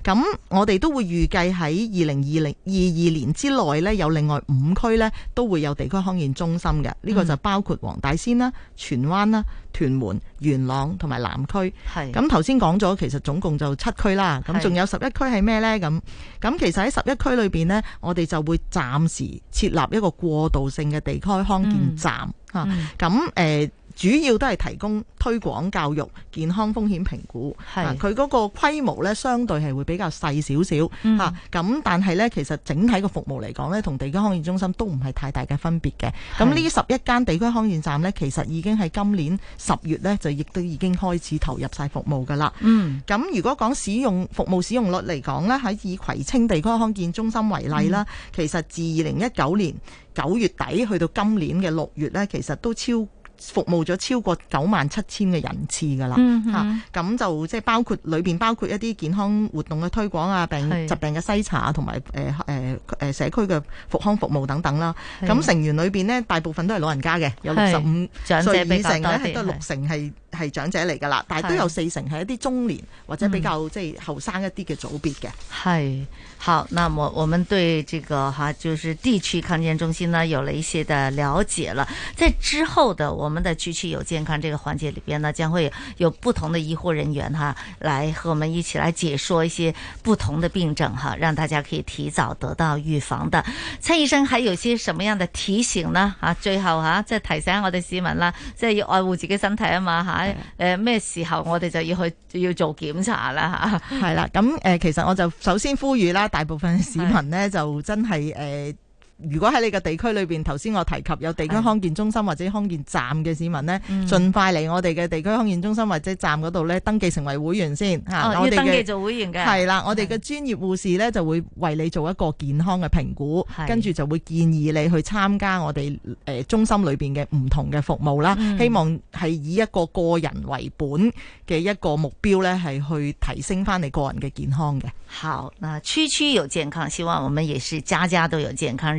咁我哋都會預計喺二零二零二二年之內咧，有另外五區咧都會有地區康健中心嘅。呢、嗯、個就包括黃大仙啦、荃灣啦。屯門、元朗同埋南區，咁頭先講咗，其實總共就七區啦。咁仲有十一區係咩呢？咁咁是其實喺十一區裏邊呢，我哋就會暫時設立一個過渡性嘅地區康健站嚇。咁誒、嗯。嗯啊主要都係提供推廣教育、健康風險評估。係佢嗰個規模咧，相對係會比較細少少嚇。咁、嗯啊、但係咧，其實整體個服務嚟講咧，同地區康健中心都唔係太大嘅分別嘅。咁呢十一間地區康健站咧，其實已經喺今年十月咧，就亦都已經開始投入晒服務㗎啦。嗯，咁、啊、如果講使用服務使用率嚟講咧，喺以葵青地區康健中心為例啦，嗯、其實自二零一九年九月底去到今年嘅六月咧，其實都超服務咗超過九萬七千嘅人次噶啦，吓咁、嗯哼啊、就即係包括裏邊包括一啲健康活動嘅推廣啊，病疾病嘅篩查同埋誒誒誒社區嘅復康服務等等啦。咁是成員裏邊呢，大部分都係老人家嘅，有六十五長者比例係得六成係係長者嚟噶啦，但係都有四成係一啲中年是或者比較、嗯、即係後生一啲嘅組別嘅。係好，嗱，我我們對這個哈，就是地區康健中心呢，有了一些的了解了。在之後的我我們的“區區有健康”這個環節裏邊呢，將會有不同的醫護人員哈、啊，來和我們一起來解說一些不同的病症哈、啊，讓大家可以提早得到預防的。蔡醫生還有些什麼樣的提醒呢、啊？最後啊，再、就是、提醒我哋市民啦，即、就、係、是、要愛護自己身體啊嘛，吓、啊，誒的，咩、呃、時候我哋就要去要做檢查啦？吓，係啦，咁、呃、誒，其實我就首先呼籲啦，大部分市民呢就真係誒。是的呃如果喺你嘅地區裏邊，頭先我提及有地區康健中心或者康健站嘅市民咧，嗯、盡快嚟我哋嘅地區康健中心或者站嗰度咧登記成為會員先。哦，啊、要登記做會員嘅係啦，我哋嘅專業護士咧就會為你做一個健康嘅評估，是跟住就會建議你去參加我哋誒、呃、中心裏邊嘅唔同嘅服務啦。嗯、希望係以一個個人為本嘅一個目標咧，係去提升翻你個人嘅健康嘅。好，那區區有健康，希望我們也是家家都有健康。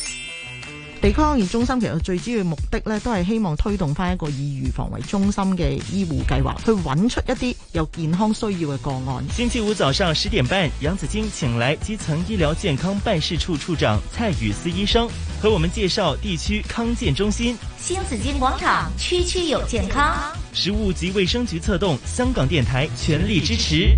地區康中心其實最主要的目的咧，都係希望推動翻一個以預防為中心嘅醫護計劃，去揾出一啲有健康需要嘅個案。星期五早上十點半，楊子晶請來基層醫療健康辦事處處、處長蔡宇思醫生，和我們介紹地區康健中心。新紫晶廣場區區有健康，食物及衛生局策動，香港電台全力支持。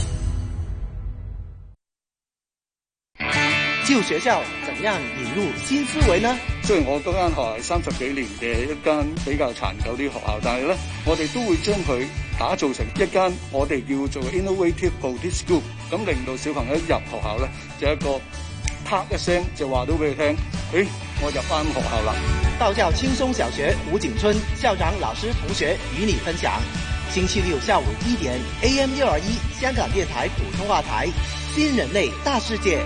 舊學校怎樣引入新思維呢？雖然我嗰間學校三十幾年嘅一間比較殘舊啲學校，但係咧，我哋都會將佢打造成一間我哋叫做 innovative primary school，咁令到小朋友入學校咧，就一個啪一聲就話到俾佢聽，誒、哎，我入翻學校啦！道教青松小學胡景村校長、老師、同學與你分享，星期六下午一點，AM 六二一，香港電台普通話台，新人類大世界。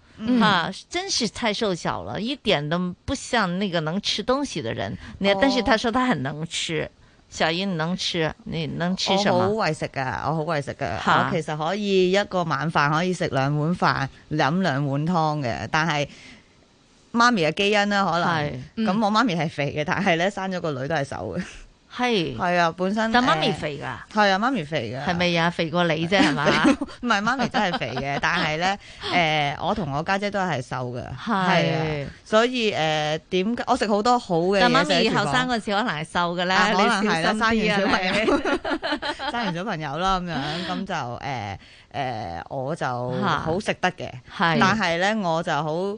嗯、啊，真是太瘦小了，一點都不像那個能吃東西的人。你、哦，但是他說他很能吃，小儀能吃，你能吃什麼？好為食㗎，我好為食㗎，哈我其實可以一個晚飯可以食兩碗飯，飲兩碗湯嘅。但係媽咪嘅基因啦、啊，可能咁、嗯、我媽咪係肥嘅，但係咧，生咗個女都係瘦嘅。係，係啊，本身。但媽咪肥噶，係啊，媽咪肥噶，係咪啊？肥過你啫，係嘛？唔係媽咪真係肥嘅，但係咧，誒，我同我家姐都係瘦嘅。係，所以誒點解我食好多好嘅嘢。媽咪後生嗰時可能係瘦嘅咧，可能係啦，生完小朋友，生完小朋友啦，咁樣咁就誒誒，我就好食得嘅，但係咧我就好。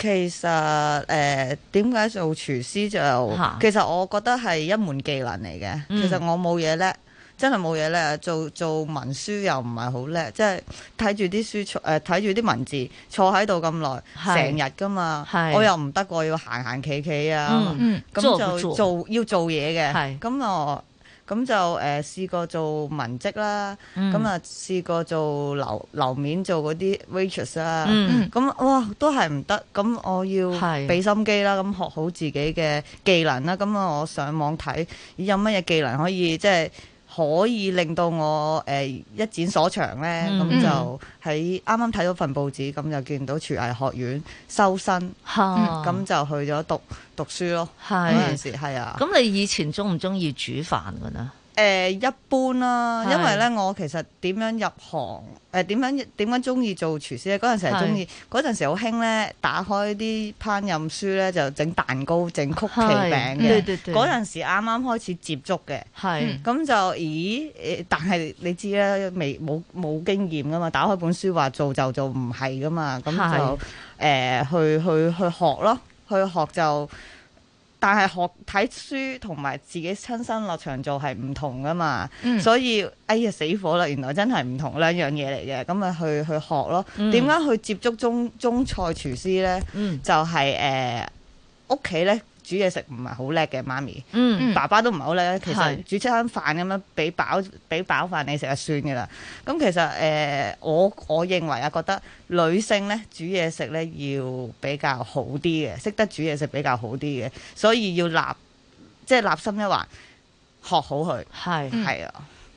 其實誒，呃、點解做廚師就？啊、其實我覺得係一門技能嚟嘅。嗯、其實我冇嘢叻，真係冇嘢叻。做做文書又唔係好叻，即係睇住啲書誒，睇住啲文字坐喺度咁耐，成日噶嘛。是我又唔得過，要行行企企啊，咁、嗯、就做，做要做嘢嘅。咁是我。咁就誒試過做文職啦，咁啊試過做樓樓面做嗰啲 waitress 啦。咁、嗯、哇都係唔得，咁我要俾心機啦，咁學好自己嘅技能啦，咁啊我上網睇誒，有乜嘢技能可以即係。可以令到我一展所長咧，咁、嗯、就喺啱啱睇到份報紙，咁就見到廚藝學院收生，咁、嗯、就去咗讀讀書咯。嗰陣時係啊。咁你以前中唔中意煮飯嘅呢？誒、呃、一般啦，因為咧是我其實點樣入行誒點、呃、樣點樣中意做廚師咧？嗰陣時係中意，嗰陣是時好興咧，打開啲烹飪書咧就整蛋糕、整曲奇餅嘅。嗰陣時啱啱開始接觸嘅，咁是就咦？但係你知啦，未冇冇經驗噶嘛？打開本書話做就做唔係噶嘛，咁就誒是、呃、去去去學咯，去學就。但係學睇書同埋自己親身落場做係唔同㗎嘛，嗯、所以哎呀死火啦！原來真係唔同兩樣嘢嚟嘅，咁咪去去學咯。點解、嗯、去接觸中中菜廚師呢？嗯、就係誒屋企呢。煮嘢食唔係好叻嘅，媽咪，嗯、爸爸都唔係好叻。係其實煮餐飯咁樣俾飽俾飽飯你食就算噶啦。咁其實誒、呃，我我認為啊，覺得女性咧煮嘢食咧要比較好啲嘅，識得煮嘢食比較好啲嘅，所以要立即係、即係、立心一環學好佢，係係啊。係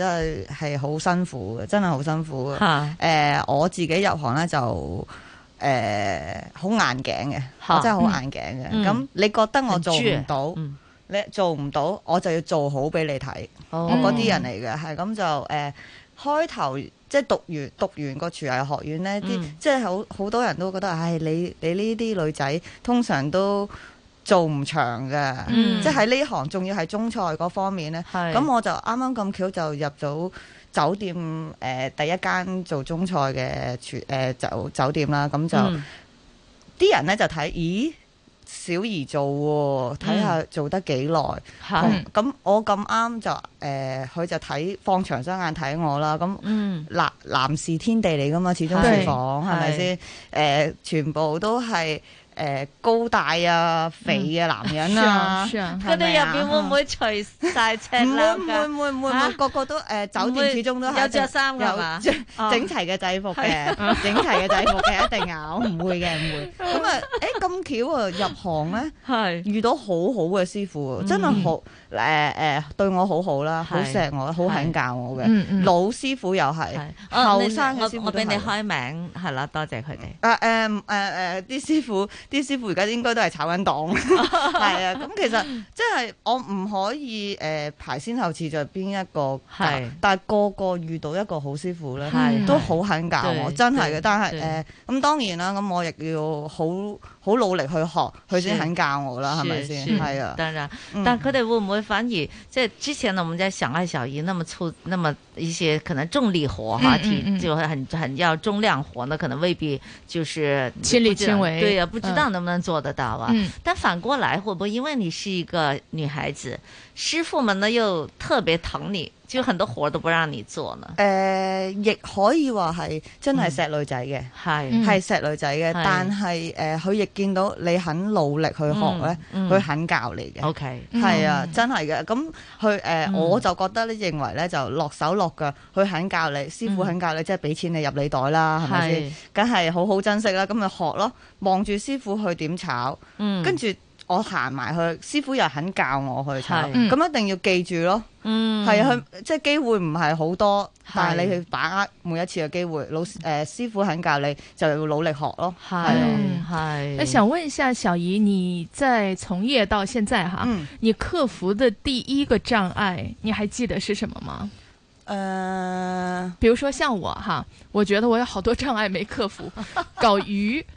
真係係好辛苦嘅，真係好辛苦。誒、啊呃，我自己入行咧就誒好、呃、硬頸嘅，啊、真係好硬頸嘅。咁、嗯、你覺得我做唔到？啊嗯、你做唔到，我就要做好俾你睇。哦、我嗰啲人嚟嘅，係咁就誒、呃、開頭即係、就是、讀完讀完個廚藝學院咧，啲即係好好多人都覺得，唉、哎，你你呢啲女仔通常都。做唔長嘅，嗯、即係喺呢行，仲要係中菜嗰方面呢。咁是我就啱啱咁巧就入到酒店誒、呃、第一間做中菜嘅廚誒酒酒店啦。咁就啲、嗯、人呢就睇，咦，小儀做，睇下做得幾耐。咁、嗯、我咁啱就誒、佢、呃、就睇放長雙眼睇我啦。咁男男士天地嚟噶嘛，始終廚房係咪先？誒，全部都係。誒，高大啊，肥嘅男人啦，佢哋入邊會唔會除晒赤？唔會唔會唔會唔會，個個都誒，酒店始終都有着衫有整齊嘅制服嘅，整齊嘅制服嘅，一定啊，唔會嘅，唔會。咁啊，誒，咁巧啊，入行咧，遇到好好嘅師傅，真係好誒誒，對我好好啦，好錫我，好肯教我嘅，老師傅又係，後生嘅師傅。我我俾你開名係啦，多謝佢哋。啊誒誒誒，啲師傅。啲師傅而家應該都係炒緊檔，係啊！ 咁其實即係、就是、我唔可以誒、呃、排先後次在邊一個？係是但係個個遇到一個好師傅咧，的的都好肯教，對我。真係嘅。對但係誒咁當然啦，咁我亦要好。好努力去學，佢先肯教我啦，係咪先？係啊，當然。嗯、但佢哋會唔會反而即之前，呢，我們在想岸小姨那麼粗、那麼一些可能重力活哈，嗯嗯嗯就會很很要重量活呢，那可能未必就是親力親為，對啊，不知道能不能做得到啊？嗯、但反過來，會不會因為你是一個女孩子，師傅們呢又特別疼你？即很多活都不讓你做呢，誒，亦可以話係真係錫女仔嘅，係係錫女仔嘅。但係誒，佢亦見到你肯努力去學咧，佢肯教你嘅。O K，係啊，真係嘅。咁佢誒，我就覺得你認為咧就落手落腳，佢肯教你，師傅肯教你，即係俾錢你入你袋啦，係咪先？梗係好好珍惜啦，咁咪學咯，望住師傅去點炒，嗯，跟住。我行埋去，師傅又肯教我去炒，咁、嗯、一定要記住咯。係去、嗯、即係機會唔係好多，是但係你去把握每一次嘅機會，老誒、呃、師傅肯教你，就要努力學咯。係係、啊。我、嗯、想問一下小儀，你在從業到現在哈，嗯、你克服的第一個障礙，你還記得是什麼嗎？誒、呃，譬如說像我哈，我覺得我有好多障礙沒克服，搞魚。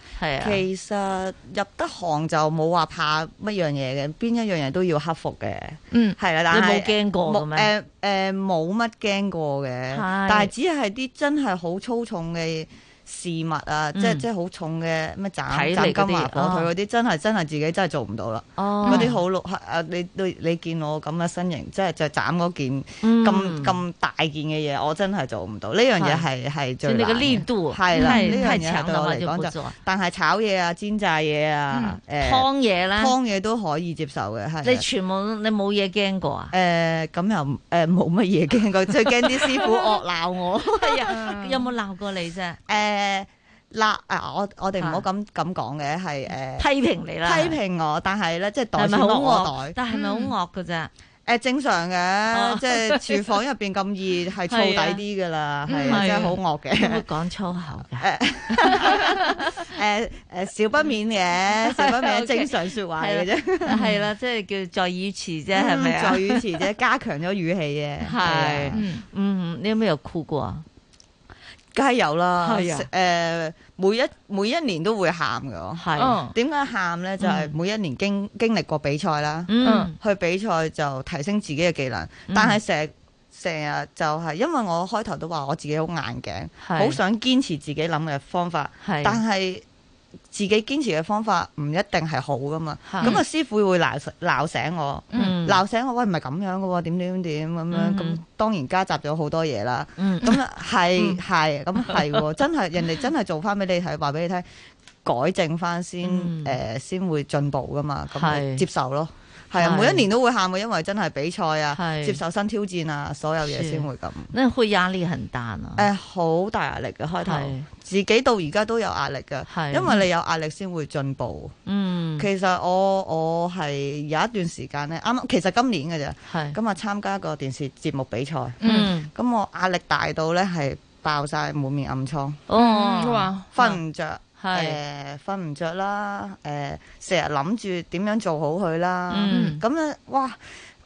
其實入得行就冇話怕乜樣嘢嘅，邊一樣嘢都要克服嘅。嗯，係啦，但係你冇驚過嘅咩？誒誒，冇乜驚過嘅，的但係只係啲真係好粗重嘅。事物啊，即係即係好重嘅，咩斬斬金華火腿嗰啲，真係真係自己真係做唔到啦。咁啲好六啊！你你見我咁嘅身形，即係就斬嗰件咁咁大件嘅嘢，我真係做唔到。呢樣嘢係係最難。係啦，呢樣嘢對我嚟講就。但係炒嘢啊，煎炸嘢啊，誒，湯嘢啦，湯嘢都可以接受嘅。係你全部你冇嘢驚過啊？誒，咁又誒冇乜嘢驚過，最驚啲師傅惡鬧我。係啊，有冇鬧過你啫？誒。誒，嗱，啊，我我哋唔好咁咁講嘅，係誒批評你啦，批評我，但係咧即係袋鼠屙袋，但係咪好惡噶啫？誒，正常嘅，即係廚房入邊咁熱，係燥底啲噶啦，係啊，真係好惡嘅，講粗口嘅，誒誒，少不免嘅，少不免正常說話嘅啫，係啦，即係叫助語詞啫，係咪啊？助語詞啫，加強咗語氣嘅，係，嗯，你有冇有哭過啊？梗係有啦，誒、啊呃、每一每一年都會喊㗎，點解喊咧？就係、是、每一年經、嗯、經歷過比賽啦，嗯、去比賽就提升自己嘅技能，嗯、但係成成日就係、是、因為我開頭都話我自己好硬頸，好、啊、想堅持自己諗嘅方法，啊、但係。自己堅持嘅方法唔一定係好噶嘛，咁啊是師傅會鬧醒我，鬧、嗯、醒我喂，唔係咁樣噶喎，點點點咁樣咁、嗯、當然加雜咗好多嘢啦，咁係係咁係真係人哋真係做翻俾你睇，話俾 你聽，改正翻先誒先會進步噶嘛，咁接受咯。係啊，每一年都會喊嘅，因為真係比賽啊，接受新挑戰啊，所有嘢先會咁。那會壓力很大啊，誒，好大壓力嘅開頭，自己到而家都有壓力嘅。係因為你有壓力先會進步。嗯，其實我我係有一段時間咧，啱啱其實今年嘅啫，係今日參加個電視節目比賽。嗯，咁我壓力大到咧係爆晒滿面暗瘡。哦，我話瞓唔着。誒，瞓唔着啦，誒， 成日諗住點樣做好佢啦，咁咧，嗯，哇，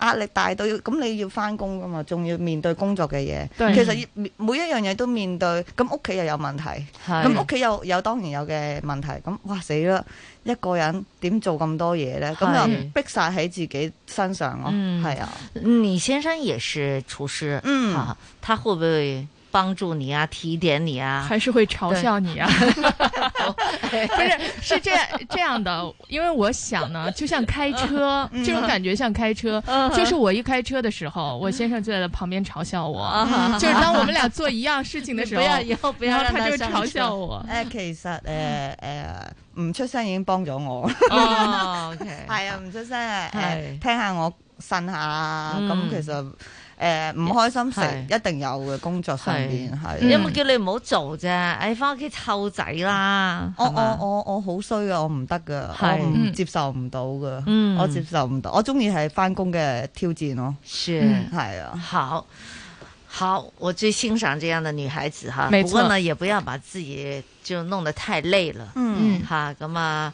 壓力大到要，咁你要翻工噶嘛，仲要面對工作嘅嘢，對其實每一樣嘢都面對，咁屋企又有問題，咁屋企又有當然有嘅問題，咁哇死啦，一個人點做咁多嘢咧，咁就是逼晒喺自己身上咯，係、嗯，啊，李先生也是廚師，嗯，啊，他會不會？幫助你啊，提點你啊，還是會嘲笑你啊？不是，是這這樣的，因為我想呢，就像開車，這種感覺像開車，就是我一開車的時候，我先生就在旁邊嘲笑我，就是當我們倆做一樣事情的時候，不要以後不要他笑。他就嘲笑我。誒，其實誒誒，唔出聲已經幫咗我。哦，OK，係啊，唔出聲，誒，聽下我呻下啦。咁其實。誒，唔開心食一定有嘅，工作上邊係，有冇叫你唔好做啫？哎，翻屋企湊仔啦，我我我我好衰噶，我唔得噶，我接受唔到噶，我接受唔到，我中意係翻工嘅挑戰咯，係啊，好，好，我最欣賞這樣的女孩子哈，不過呢，也不要把自己就弄得太累了，嗯，好，咁啊。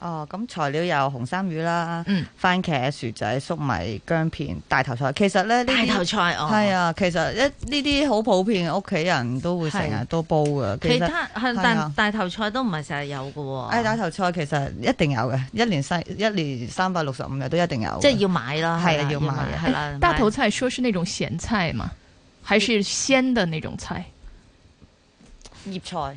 哦，咁材料有紅衫魚啦，番茄、薯仔、粟米、薑片、大頭菜。其實咧呢，大頭菜哦，係啊，其實一呢啲好普遍，屋企人都會成日都煲噶。其他係，但大頭菜都唔係成日有噶。誒，大頭菜其實一定有嘅，一年三一年三百六十五日都一定有。即係要買啦，係啊要買。係啦，大頭菜說是那種鹹菜嗎？還是鮮的那種菜？菜。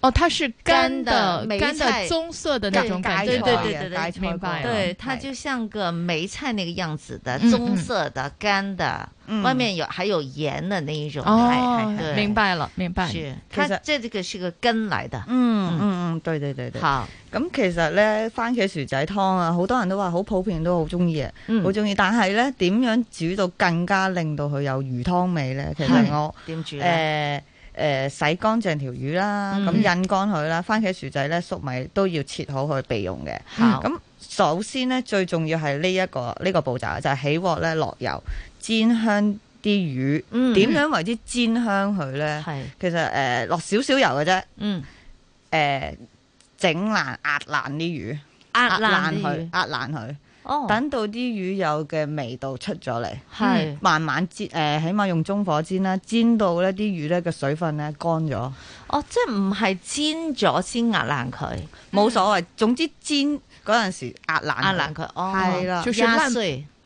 哦，它是乾的，乾的棕色的那種感覺，對對對對，明白，對，它就像個梅菜那個樣子的，棕色的乾的，外面有還有鹽的那一種，哦，明白了，明白，是，它這這個是個根來的，嗯嗯，對對對對，好，咁其實呢，番茄薯仔湯啊，好多人都話好普遍，都好中意啊，好中意，但係呢點樣煮到更加令到佢有魚湯味呢？其實我點煮呢？誒、呃、洗乾淨條魚啦，咁印、嗯、乾佢啦，番茄薯仔咧、粟米都要切好佢備用嘅。咁好首先咧，最重要係呢一個呢、呢個步驟，就係、是、起鑊咧，落油煎香啲魚。點、嗯、樣為之煎香佢咧？是其實誒落少少油嘅啫。誒整、嗯呃、爛壓爛啲魚，壓爛佢，壓爛佢。哦、等到啲魚有嘅味道出咗嚟，是慢慢煎，誒，起碼用中火煎啦，煎到咧啲魚咧嘅水分咧乾咗。哦，即係唔係煎咗先壓爛佢，冇、嗯、所謂。總之煎嗰陣時壓爛，壓爛佢，係、哦、啦，的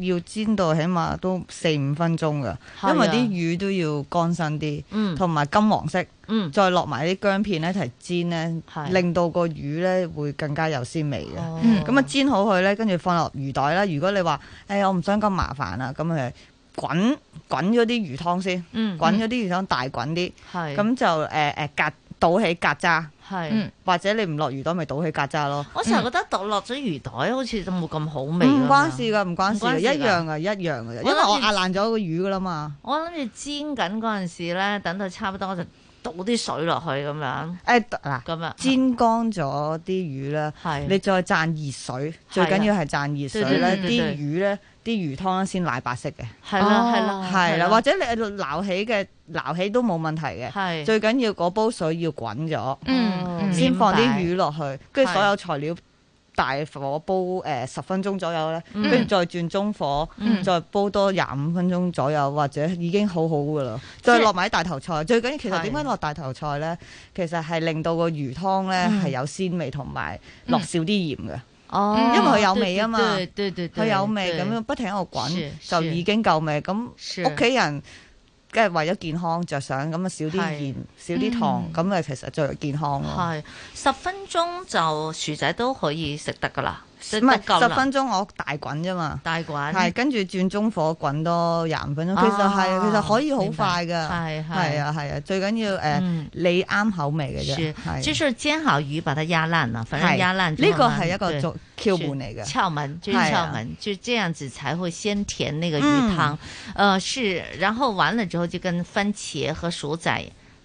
要煎到起碼都四五分鐘㗎，啊、因為啲魚都要乾身啲，同埋、嗯、金黃色，嗯、再落埋啲薑片咧一齊煎咧，啊、令到個魚咧會更加有鮮味嘅。咁啊、哦、煎好佢咧，跟住放落魚袋啦。如果你話誒、欸、我唔想咁麻煩啦，咁咪滾滾咗啲魚湯先，嗯、滾咗啲魚湯、嗯、大滾啲，咁是就誒誒隔倒起隔渣。係，嗯、或者你唔落魚袋，咪倒起曱甴咯、嗯。我成日覺得倒落咗魚袋，好似都冇咁好味。唔關事噶，唔關事，一樣噶，一樣噶。因為我壓爛咗個魚噶啦嘛。我諗住煎緊嗰陣時咧，等到差唔多就倒啲水落去咁、哎、樣。誒，嗱的，咁啊，煎乾咗啲魚啦，係，你再灒熱水，是的最緊要係灒熱水咧，啲的魚咧。啲魚湯先奶白色嘅，係啦，係啦，係啦，或者你撈起嘅撈起都冇問題嘅，係最緊要嗰煲水要滾咗，先放啲魚落去，跟住所有材料大火煲誒十分鐘左右咧，跟住再轉中火再煲多廿五分鐘左右，或者已經好好噶啦，再落埋大頭菜。最緊要其實點解落大頭菜咧？其實係令到個魚湯咧係有鮮味同埋落少啲鹽嘅。哦，因為佢有味啊嘛，對對對，佢有味咁樣不停喺度滾就已經夠味。咁屋企人梗係為咗健康着想，咁啊是少啲鹽、是少啲糖，咁啊、嗯、其實最為健康咯。係十分鐘就薯仔都可以食得噶啦。十分鐘，我大滾啫嘛，大滾，係跟住轉中火滾多廿五分鐘，其實係啊，其實可以好快㗎，係係啊係啊，最緊要誒你啱口味嘅啫，即係煎好魚把它壓爛啦，反正壓爛呢個係一個做竅門嚟嘅竅門，就竅門，就這樣子，才會鮮甜那個魚湯，呃，是，然後完了之後就跟番茄和薯仔。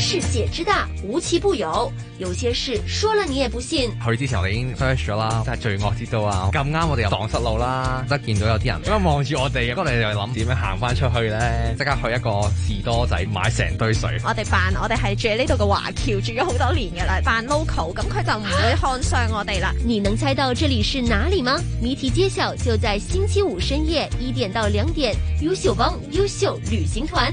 世界之大，無奇不有。有些事說了你也不信。去之前我哋已經 f e a r h 咗啦，真係罪惡之都啊！咁啱我哋又蕩失路啦，即係見到有啲人，即刻望住我哋。咁我哋又諗點樣行翻出去咧？即刻去一個士多仔買成堆水。我哋扮，我哋係住喺呢度嘅華僑，住咗好多年噶啦，扮 local，咁佢就唔會看上我哋啦。 你能猜到這裏是哪裏嗎？謎題揭曉就在星期五深夜一點到兩點，優秀幫優秀旅行團。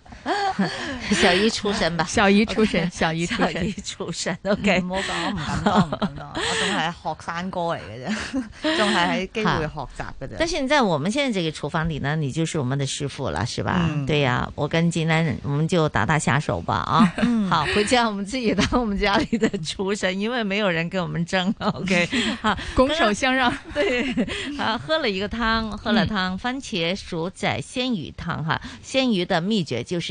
小姨出身吧，小姨出身，okay, 小姨出身，姨出身，OK。唔好講，唔敢當，唔敢當，我仲係 學生哥嚟嘅啫，仲係喺機會學習嘅啫。但現在我們現在這個廚房裏呢，你就是我們的師傅了，是吧？嗯、對呀、啊，我跟金丹人，我們就打打下手吧啊。嗯、好，回家我們自己當我們家裏的廚神，因為沒有人跟我們爭，OK。好，上拱手相讓。對，好，喝了一個湯，喝了湯，番茄薯仔鮮魚湯。哈，鮮魚的秘訣就是。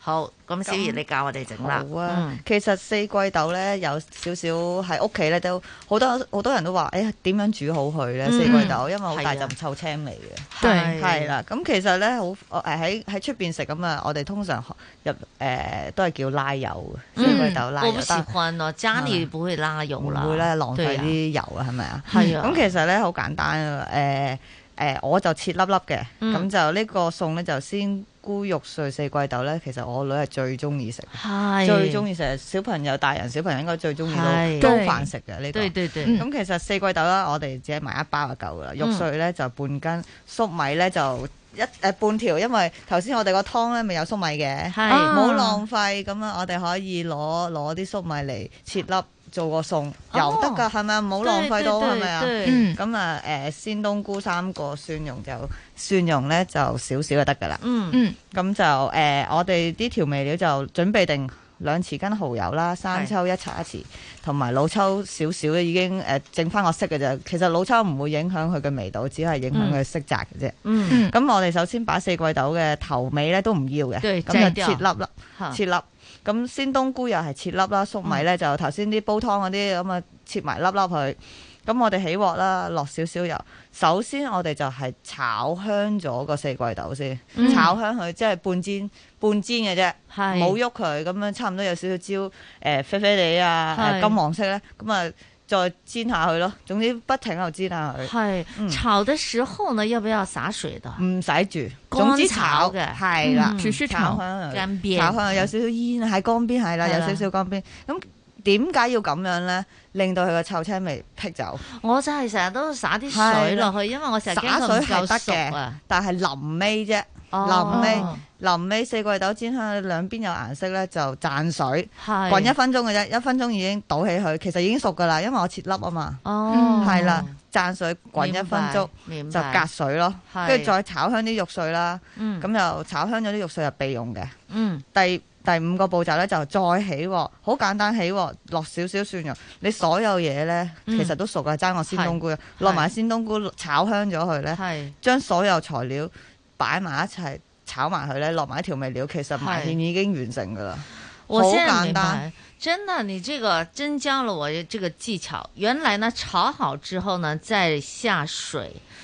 好，咁小儀你教我哋整啦。好啊，其實四季豆咧有少少喺屋企咧都好多好多人都話，哎呀點樣煮好佢咧？嗯、四季豆因為好大陣臭、臭青味嘅，係啦。咁其實咧好誒喺喺出邊食咁啊，我哋通常入誒、呃、都係叫拉油四季豆拉油。嗯、但我唔習慣咯，家裏唔會拉油啦，嗯、會唔會咧浪費啲油啊？係咪吧啊？係啊、嗯。咁、嗯、其實咧好簡單誒。呃誒、呃、我就切粒粒嘅，咁、嗯、就這個呢個餸咧就鮮菇肉碎四季豆咧，其實我女係最中意食，是最中意食，小朋友、大人小朋友應該最中意撈飯食嘅呢度。咁其實四季豆啦，我哋只係買一包就夠啦。肉碎咧就半斤，嗯、粟米咧就一誒、呃、半條，因為頭先我哋個湯咧咪有粟米嘅，唔好是浪費咁啊！我哋可以攞攞啲粟米嚟切粒。嗯做個餸，油得㗎，係咪啊？唔好浪費到，係咪啊？咁啊、嗯呃，鮮冬菇三個，蒜蓉就蒜蓉咧就少少就得㗎啦。嗯嗯。咁就誒、呃，我哋啲調味料就準備定兩匙羹蠔油啦，生抽一茶一匙，同埋是老抽少少已經誒整翻個色嘅啫。其實老抽唔會影響佢嘅味道，只係影響佢嘅色澤嘅啫。嗯咁、嗯、我哋首先把四季豆嘅頭尾咧都唔要嘅，咁對就切粒粒，是切粒。咁鮮冬菇又係切粒啦，粟米咧就頭先啲煲湯嗰啲咁啊，切埋粒粒佢。咁我哋起鑊啦，落少少油，首先我哋就係炒香咗個四季豆先，炒香佢即係半煎半煎嘅啫，冇喐佢咁樣，差唔多有少少焦誒啡啡哋啊金黃色咧，咁啊是～再煎下去咯，總之不停又煎下去。係是、嗯、炒嘅時候呢，要不要灑水的？唔使住，總之炒嘅，係啦，煮的、嗯、炒香，乾炒香有少少煙喺乾煸，係啦，有少少乾煸咁。的點解要咁樣呢？令到佢個臭青味辟走。我真係成日都灑啲水落去，因為我成日驚佢唔夠熟啊，灑水係得嘅。但係臨尾啫，臨尾臨尾四季豆煎香，兩邊有顏色呢，就蘸水滾一分鐘嘅啫，一分鐘已經倒起去，其實已經熟噶啦，因為我切粒啊嘛。哦，係啦，蘸水滾一分鐘就隔水咯，跟住再炒香啲肉碎啦。嗯，咁就炒香咗啲肉碎係備用嘅。嗯，第五個步驟咧，就再起鑊，好簡單，起鑊落少少蒜蓉，你所有嘢咧、嗯、其實都熟㗎，爭我鮮冬菇是落埋鮮冬菇炒香咗佢咧，是將所有材料擺埋一齊炒埋佢咧，落埋一調味料，其實麻線已經完成噶啦，先是簡單，真的你這個真教了我這個技巧，原來呢炒好之後呢再下水。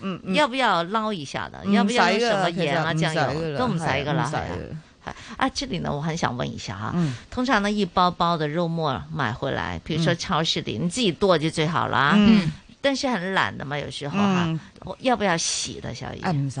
嗯，要不要撈一下的？要不要什麼鹽啊、醬油都唔使噶啦，係啊。啊，這裏呢，我很想問一下啊。通常呢，一包包的肉末買回來，比如說超市裏，你自己剁就最好啦。嗯。但是很懶的嘛，有時候哈，要不要洗的時候？誒，唔使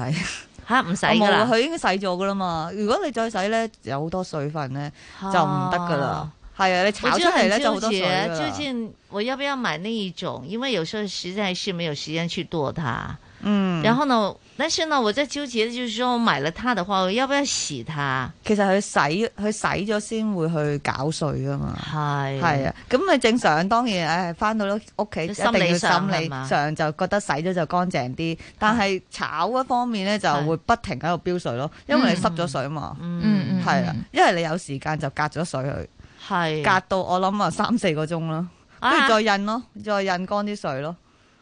吓，唔使噶啦。佢已經洗咗噶啦嘛。如果你再洗咧，有好多水分咧，就唔得噶啦。係啊，你炒出來就好多水啦。我最近究竟我要不要買那一種？因為有時候實在是沒有時間去剁它。嗯，然後呢？但是呢，我在糾結，就是說買了它的話，我要不要洗它？其實佢洗佢洗咗先會去搞碎噶嘛。係係啊，咁你正常。當然，誒、哎，翻到屋企一定要心理上就覺得洗咗就乾淨啲。啊、但係炒嗰方面呢，就會不停喺度飆水咯，因為你濕咗水啊嘛。嗯嗯，係啊的，一係、嗯嗯、你有時間就隔咗水去係是隔到我諗啊三四個鐘咯，跟住再印咯，啊、再印乾啲水咯。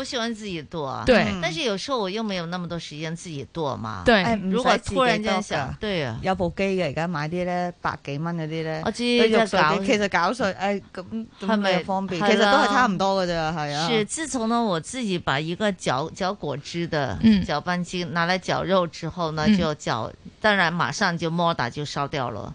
我喜歡自己剁，對。但是有時候我又沒有那麼多時間自己剁嘛，對。哎、如果突然間想，對呀、啊，有部機嘅，而家買啲咧百幾蚊嗰啲咧，我知。食搞其實搞碎，哎，咁係咪方便？是是其實都係差唔多嘅啫，係啦啊。是，自從呢我自己把一個攪攪果汁的攪拌機、嗯、拿來攪肉之後呢，就攪，嗯、當然馬上就摩打就燒掉了。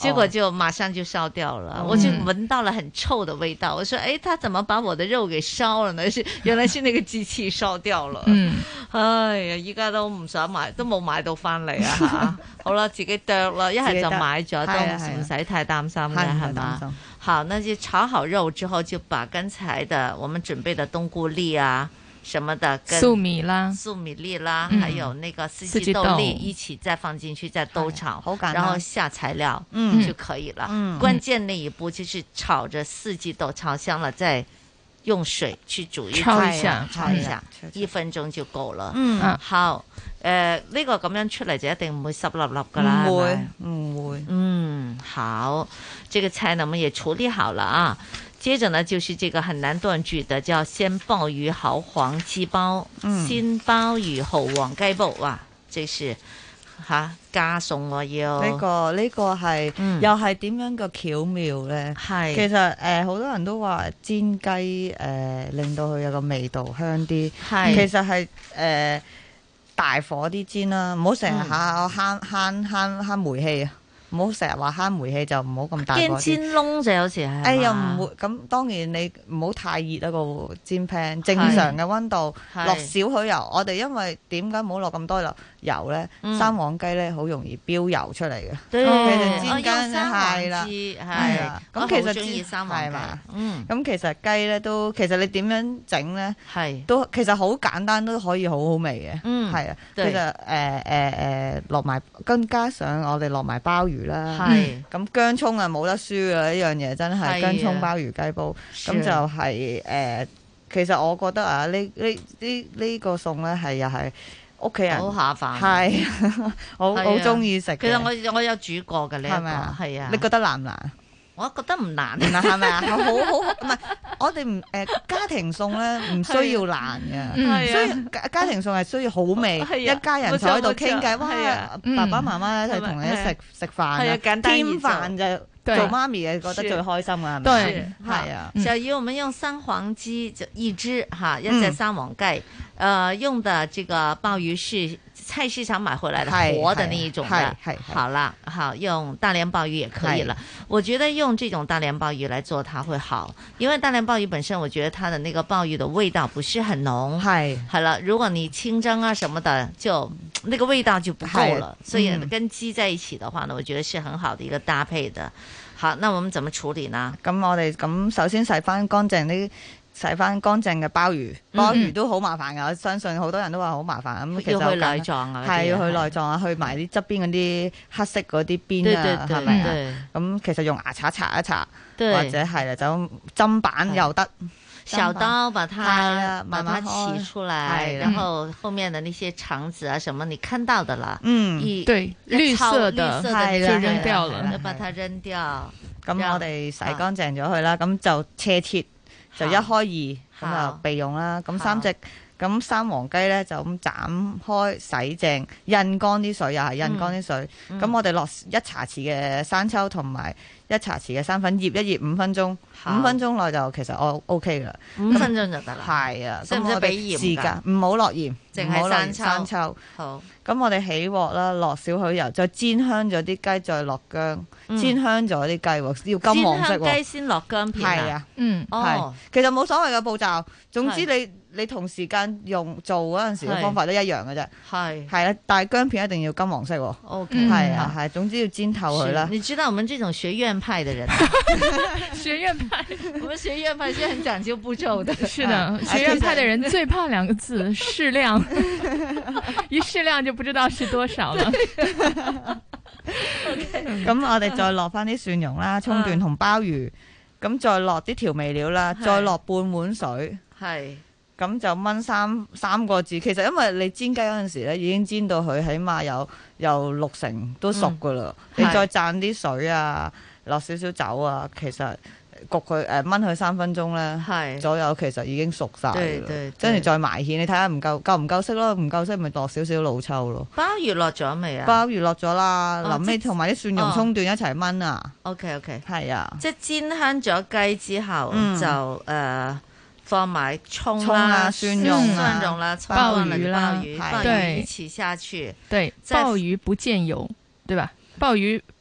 結果就馬上就燒掉了，哦、我就聞到了很臭的味道。嗯、我說：“哎，他怎麼把我的肉給燒了呢？”是，原來是那個機器燒掉了。嗯，哎呀，依家都唔想買，都冇買到翻嚟啊！哈， 好啦，自己剁啦，一係就買咗，都唔使、啊、太擔心啦，好嗎、啊？吧好，那就炒好肉之後，就把剛才的我們準備的冬菇粒啊。什麼的，跟粟米啦，粟米粒啦，還有那個四季豆粒一起再放進去再兜炒，然後下材料，嗯，就可以了。嗯，關鍵那一步就是炒着四季豆炒香了，再用水去煮一下，炒一下，一分鐘就夠了。嗯，好，呃，呢個咁樣出嚟就一定唔會濕立立噶啦，唔會，唔會。嗯，好，這個菜呢我們也處理好了啊。接着呢，就是這個很難斷句的，叫鮮鮑魚蠔皇雞煲，嗯、鮮鮑魚蠔皇雞煲，哇，這是吓加餸我要呢、這個呢、這個係、嗯、又係點樣個巧妙咧？係是其實誒，好、呃、多人都話煎雞誒、呃，令到佢有個味道香啲。係是其實係誒、呃、大火啲煎啦，唔好成日下慳慳慳慳煤氣啊。唔好成日話慳煤氣就唔好咁大個。驚煎窿就有時係。哎呀唔會咁當然你唔好太熱啊個煎 pan，正常嘅温度落少許油。我哋因為點解唔好落咁多油油咧？三黃雞咧好容易飆油出嚟嘅。我鍾意三黃雞係。咁其實係嘛？咁其實雞咧都其實你點樣整咧係都其實好簡單都可以好好味嘅。嗯。係啊，其實誒誒誒落埋跟加上我哋落埋鮑魚。啦，係咁是、嗯、薑蔥啊，冇得輸噶呢樣嘢真係的薑蔥鮑魚雞煲，咁的就係、是、誒、呃，其實我覺得啊，這這這這個、呢呢呢呢個餸咧係又係屋企人好下飯，係是 我好中意食。的其實我我有煮過嘅呢一個，係啊吧，的你覺得難唔難？我覺得唔難啊，係咪啊？好好唔係，我哋唔誒家庭餸咧，唔需要難嘅，所以家庭餸係需要好味，一家人坐喺度傾偈，哇！爸爸媽媽咧就同你食食飯啊，添飯就做媽咪，覺得最開心啊！對，係啊。就以，我們用三黃雞就一隻哈，一隻三黃雞，呃，用的這個鮑魚是。菜市場買回來的是活的那一種的，好了，好用大連鮑魚也可以了。是我覺得用這種大連鮑魚來做，它會好，因為大連鮑魚本身，我覺得它的那個鮑魚的味道不是很濃。是好了，如果你清蒸啊什麼的，就那個味道就不夠了。是所以跟雞在一起的話呢，我覺得是很好的一個搭配的。好，那我們怎麼處理呢？咁我哋咁首先洗翻乾淨呢。洗翻乾淨嘅鮑魚，鮑魚都好麻煩噶，我相信好多人都話好麻煩。咁其實去內臟啊，係去內臟啊，去埋啲側邊嗰啲黑色嗰啲邊啊，係咪啊？咁其實用牙刷刷一刷，或者係啦，就砧板又得，小刀把它慢慢取出來，然後後面的那些腸子啊，什麼你看到的啦，嗯，對綠色的，綠色的扔掉了，要把它扔掉。咁我哋洗乾淨咗佢啦，咁就斜切。就一開二咁啊備用啦。咁好三隻咁三黃雞呢，就咁斬開洗淨，印乾啲水又係印乾啲水，咁、嗯、我哋落一茶匙嘅生抽同埋，一茶匙嘅生粉，醃一醃五分鐘，五分鐘內就其實我 OK 噶啦，五分鐘就得啦。係啊，使唔使俾鹽噶？唔好落鹽，淨係生抽。好，咁我哋起鑊啦，落少許油，再煎香咗啲雞，再落薑，煎香咗啲雞喎，要金黃色喎。煎香雞先落薑片啊？嗯，哦，其實冇所謂嘅步驟，總之你你同時間用做嗰陣時嘅方法都一樣嘅啫。係係啦，但係薑片一定要金黃色喎。OK，係啊係，總之要煎透佢啦。你知道我們這種學院？派的人、啊，學院派，我們學院派是很講究步驟的。是的，啊、學院派的人最怕兩個字適量，一適量就不知道是多少了。咁、okay. 嗯嗯嗯、我哋再落翻啲蒜蓉啦、葱段同鮑魚，咁、啊嗯、再落啲調味料啦，是再落半碗水，係，咁、嗯、就炆三三個字。其實因為你煎雞嗰陣時咧，已經煎到佢起碼有有六成都熟噶啦，你、嗯、再灒啲水啊。落少少酒啊，其實焗佢誒炆佢三分鐘咧，左右其實已經熟曬。跟住再埋芡，你睇下唔夠夠唔夠色咯？唔夠色咪落少少老抽咯。鮑魚落咗未啊？鮑魚落咗啦，臨尾同埋啲蒜蓉、葱段一齊炆啊。OK OK，係啊，即係煎香咗雞之後就誒放埋葱啦、蒜蓉蒜蓉啦、鮑魚啦，一齊下去。對，鮑魚不見油，對吧？鮑魚。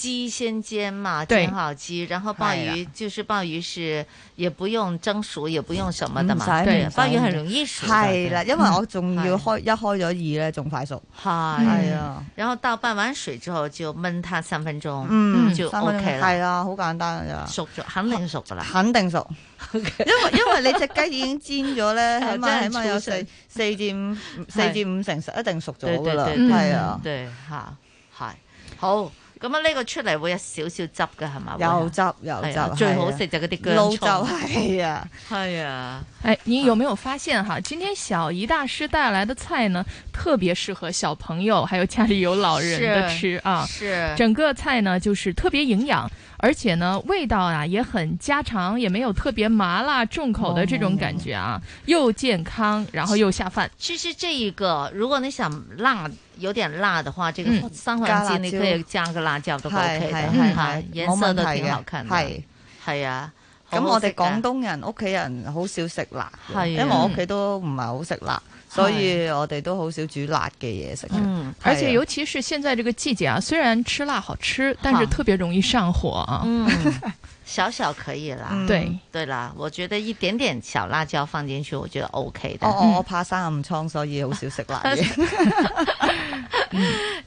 雞先煎嘛，煎好雞，然後鮑魚就是鮑魚是也不用蒸熟，也不用什麼的嘛。對，鮑魚很容易熟。係啦，因為我仲要開一開咗二咧，仲快熟。係係啊，然後倒半碗水之後就燜它三分鐘。嗯，就 OK 係啊，好簡單噶咋。熟咗，肯定熟噶啦，肯定熟。因為因為你隻雞已經煎咗咧，起碼起碼有四四至五四至五成熟，一定熟咗噶啦。係啊，對，吓係好。咁呢個出嚟會有少少汁嘅係嘛？有汁有汁，哎呀啊、最好食就嗰啲薑蔥。老係啊，係啊、哎。你有冇有發現哈？今天小儀大師帶來嘅菜呢，特別適合小朋友，還有家裡有老人嘅吃啊。是，是整個菜呢，就是特別營養。而且呢，味道啊也很家常，也沒有特別麻辣重口的這種感覺啊，又健康，然後又下飯。其實這一個，如果你想辣有點辣的話，這個三黃雞你可以加個辣椒都 OK 的。顏色都挺好看的，係啊。咁我哋廣東人屋企人好少食辣，因為我屋企都唔係好食辣。所以我哋都好少煮辣嘅嘢食。嗯，而且尤其是現在這個季節啊，雖然吃辣好吃，但是特別容易上火啊。嗯。 小小可以啦，嗯、對對啦，我覺得一點點小辣椒放進去，我覺得 O、OK、K 的。哦哦，我怕生暗瘡，所以好少食辣嘢。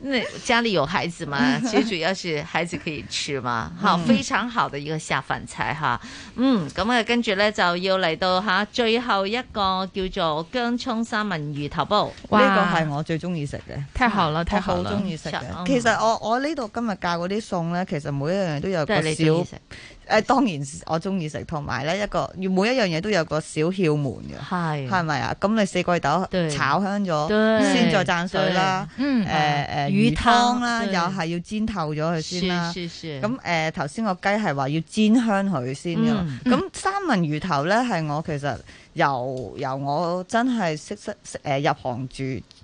因為 家裏有孩子嘛？其實最主要是孩子可以吃嘛，嗯、好非常好的一個下飯菜哈。嗯，咁啊，跟住咧就要嚟到吓最後一個叫做薑蔥三文魚頭煲。呢哇個係我最中意食嘅，太好啦，太好啦，中意食嘅，其實我我呢度今日教嗰啲餸咧，其實每一樣都有個小。誒，當然我中意食，同埋咧一個每一樣嘢，都有個小竅門嘅，係係咪啊？咁你四季豆炒香咗，對先再浸水啦，誒誒、呃嗯、魚湯啦，湯對又係要煎透咗佢先啦。咁誒，頭先個雞係話要煎香佢先嘅，咁、嗯、三文魚頭咧係我其實由由我真係識識食誒入行住。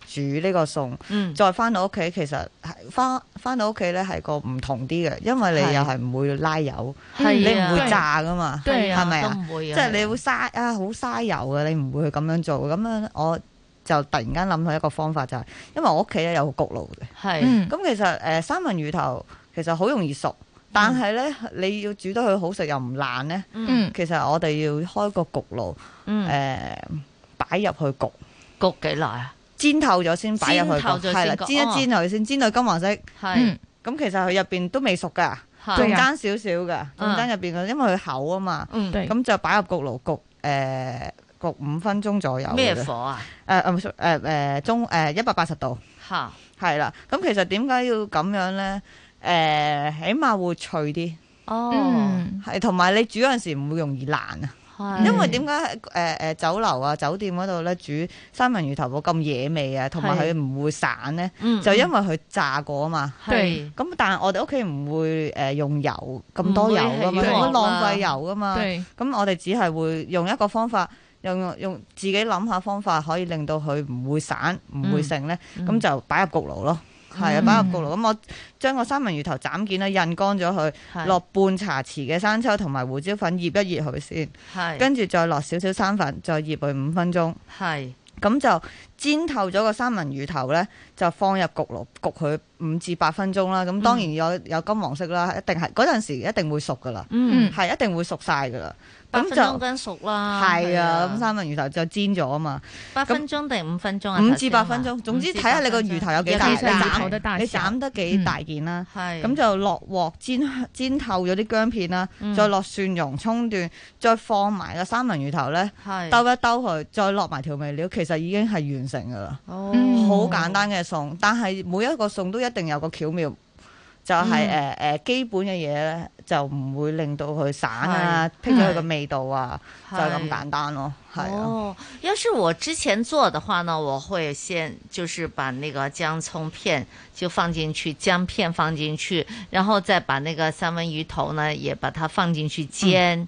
煮呢個餸，嗯，再翻到屋企，其實翻翻到屋企咧係個唔同啲嘅，因為你又係唔會拉油，係你唔會炸噶嘛，係咪啊？唔會，即係你會嘥啊，好嘥油嘅，你唔會去咁樣做。咁樣我就突然間諗到一個方法就係，因為我屋企咧有個焗爐嘅，係咁其實誒三文魚頭其實好容易熟，但係咧你要煮得佢好食又唔爛咧，嗯，其實我哋要開個焗爐，誒擺入去焗焗幾耐啊？煎透咗先擺入去係啦，煎一煎透先，煎到金黃色。係，咁其實佢入邊都未熟噶，仲爭少少噶，中間入邊因為佢厚啊嘛。嗯，咁就擺入焗爐焗，誒焗五分鐘左右。咩火啊？誒唔誒中誒一百八十度。嚇，係啦。咁其實點解要咁樣咧？誒，起碼會脆啲。哦，係同埋你煮嗰陣時唔會容易爛啊。因為點解，誒誒，酒樓啊，酒店嗰度咧，煮三文魚頭煲咁野味啊，同埋佢唔會散咧，嗯嗯、就因為佢炸過啊嘛。係是。咁但係我哋屋企唔會用油咁多油噶嘛，浪費油噶嘛。咁我哋只係會用一個方法，用用自己諗下方法，可以令到佢唔會散，唔會剩咧。咁、嗯、就擺入焗爐咯。係啊，擺入焗爐。咁、嗯、我將個三文魚頭斬件咧，印乾咗佢，是落半茶匙嘅生抽同埋胡椒粉醃一醃佢先。係是，跟住再落少少生粉，再醃佢五分鐘。係是，咁就煎透咗個三文魚頭咧，就放入焗爐焗佢五至八分鐘啦。咁當然有、嗯、有金黃色啦，一定係。嗰陣時一定會熟噶啦。嗯，係一定會熟晒噶啦。咁就，鐘跟熟中間熟啦，係啊，咁三文魚頭就煎咗啊嘛。八分鐘定五分鐘啊？五至八分鐘，總之睇下你個魚頭有幾大，你斬得你斬得幾大件啦。係，咁就落鑊煎，煎透咗啲薑片啦，再落蒜蓉、葱段，再放埋個三文魚頭咧，兜一兜佢，再落埋調味料，其實已經係完成㗎啦。哦，好簡單嘅餸，但係每一個餸都一定有個巧妙。就係誒誒基本嘅嘢咧，就唔會令到佢散啊，撇咗佢個味道啊，是就咁簡單咯，係是啊。哦，要是我之前做的話呢，我會先就是把那個薑葱片就放進去，薑片放進去，然後再把那個三文魚頭呢，也把它放進去煎。嗯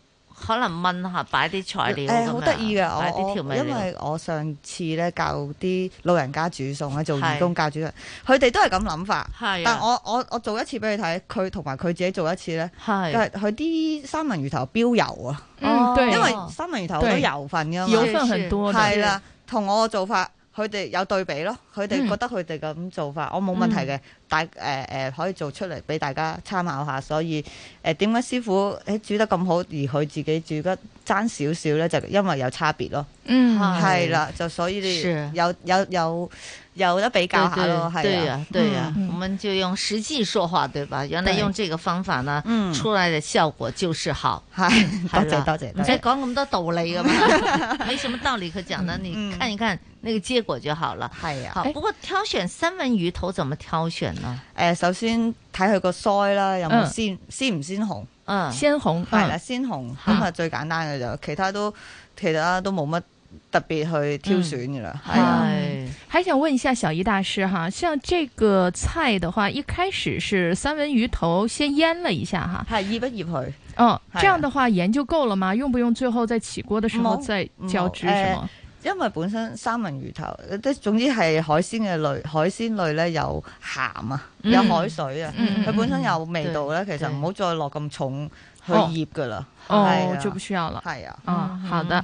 可能炆下，擺啲材料好得意嘅，擺啲調味。因為我上次咧，教啲老人家煮餸，做義工教煮嘅，佢哋的都係咁諗法。的但我我我做一次俾你睇，佢同埋佢自己做一次咧，佢啲的三文魚頭飆油啊，嗯哦，因為三文魚頭好多油份噶油多。係啦的，同我做法。佢哋有對比咯，佢哋覺得佢哋嘅咁做法，嗯、我冇問題嘅，但誒誒可以做出嚟俾大家參考下，所以誒點解師傅喺、欸、煮得咁好，而佢自己煮得爭少少咧，就因為有差別咯，嗯係啦，就的所以你有有有。有有有得比較下咯，係啊，對啊，對啊，我們就用實際說話，對吧？原來用這個方法呢，出來的效果就是好，係，多謝多謝，唔使講咁多道理噶嘛，沒什麼道理可講啦，你看一看那個結果就好了，係啊。好，不過挑選三文魚頭怎麼挑選呢？誒，首先睇佢個鰓啦，有冇鮮鮮唔鮮紅，鮮紅係啦，鮮紅咁啊最簡單嘅就，其他都其他都冇乜。特別去挑選噶啦，係啊，還想問一下詠儀大師哈，像這個菜的話，一開始是三文魚頭先醃了一下哈，係醃一醃佢？嗯，這樣的話鹽就夠了嗎？用不用最後在起鍋的時候再澆汁？誒，因為本身三文魚頭，即總之係海鮮嘅類，海鮮類咧有鹹啊，有海水啊，佢本身有味道咧，其實唔好再落咁重去醃噶啦。哦，就不需要了。係啊，嗯，好的。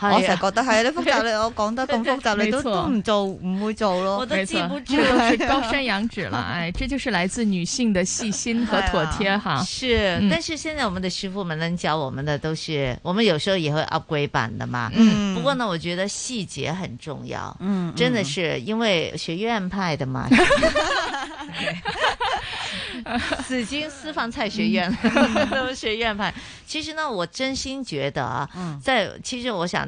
我成日覺得係，你複雜你我講得咁複雜，你都都唔做唔會做咯。我都記不住。都是高山仰止了哎，這就是來自女性的細心和妥帖哈。是，但是現在我們的師傅們能教我們的都是，我們有時候也會 upgrade 版的嘛。嗯。不過呢，我覺得細節很重要。嗯。真的是，因為學院派的嘛。哈哈哈！哈哈！紫荊私房菜學院，學院派，其實呢，我真心覺得啊，在其實我想。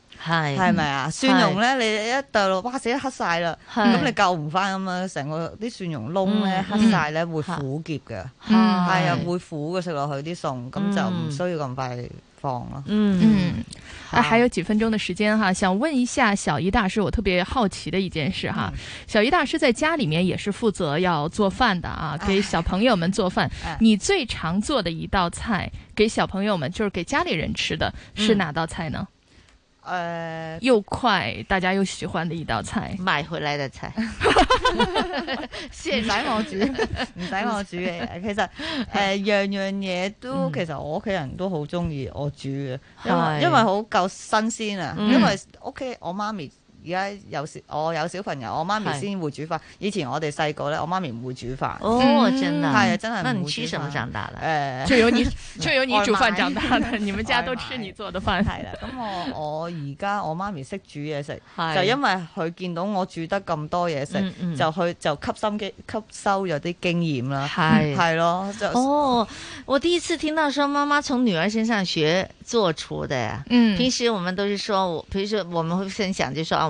係，係咪啊？蒜蓉咧，你一到落，哇！死得黑晒啦，咁你救唔翻咁啊？成個啲蒜蓉窿咧，黑晒咧，會苦澀嘅，係啊，會苦嘅，食落去啲餸，咁就唔需要咁快放咯。嗯嗯，啊，還有幾分鐘嘅時間哈，想問一下詠儀大師，我特別好奇嘅一件事哈，詠儀大師在家裏面也是負責要做飯的啊，給小朋友們做飯。你最常做的一道菜給小朋友們，就是給家裏人吃的，是哪道菜呢？誒，呃、又快，大家又喜歡的一道菜，買回來的菜。唔使我煮，唔使我煮嘅其實誒、呃、樣樣嘢都，嗯、其實我屋企人都好中意我煮嘅，因為、嗯、因為好夠新鮮啊，嗯、因為屋、OK，企我媽咪。而家有小我有小朋友，我媽咪先會煮飯。以前我哋細個咧，我媽咪唔會煮飯。哦，真係，係，真係唔煮飯。咁你吃什麼長大的？誒，就由你，全由你煮飯長大的。你們家都吃你做的飯係啦。咁我我而家我媽咪識煮嘢食，就因為佢見到我煮得咁多嘢食，就去就吸心機吸收咗啲經驗啦。係係咯。哦，我第一次聽到說媽媽從女兒身上學做廚的。嗯，平時我們都是說，譬如說我們會分享，就說啊。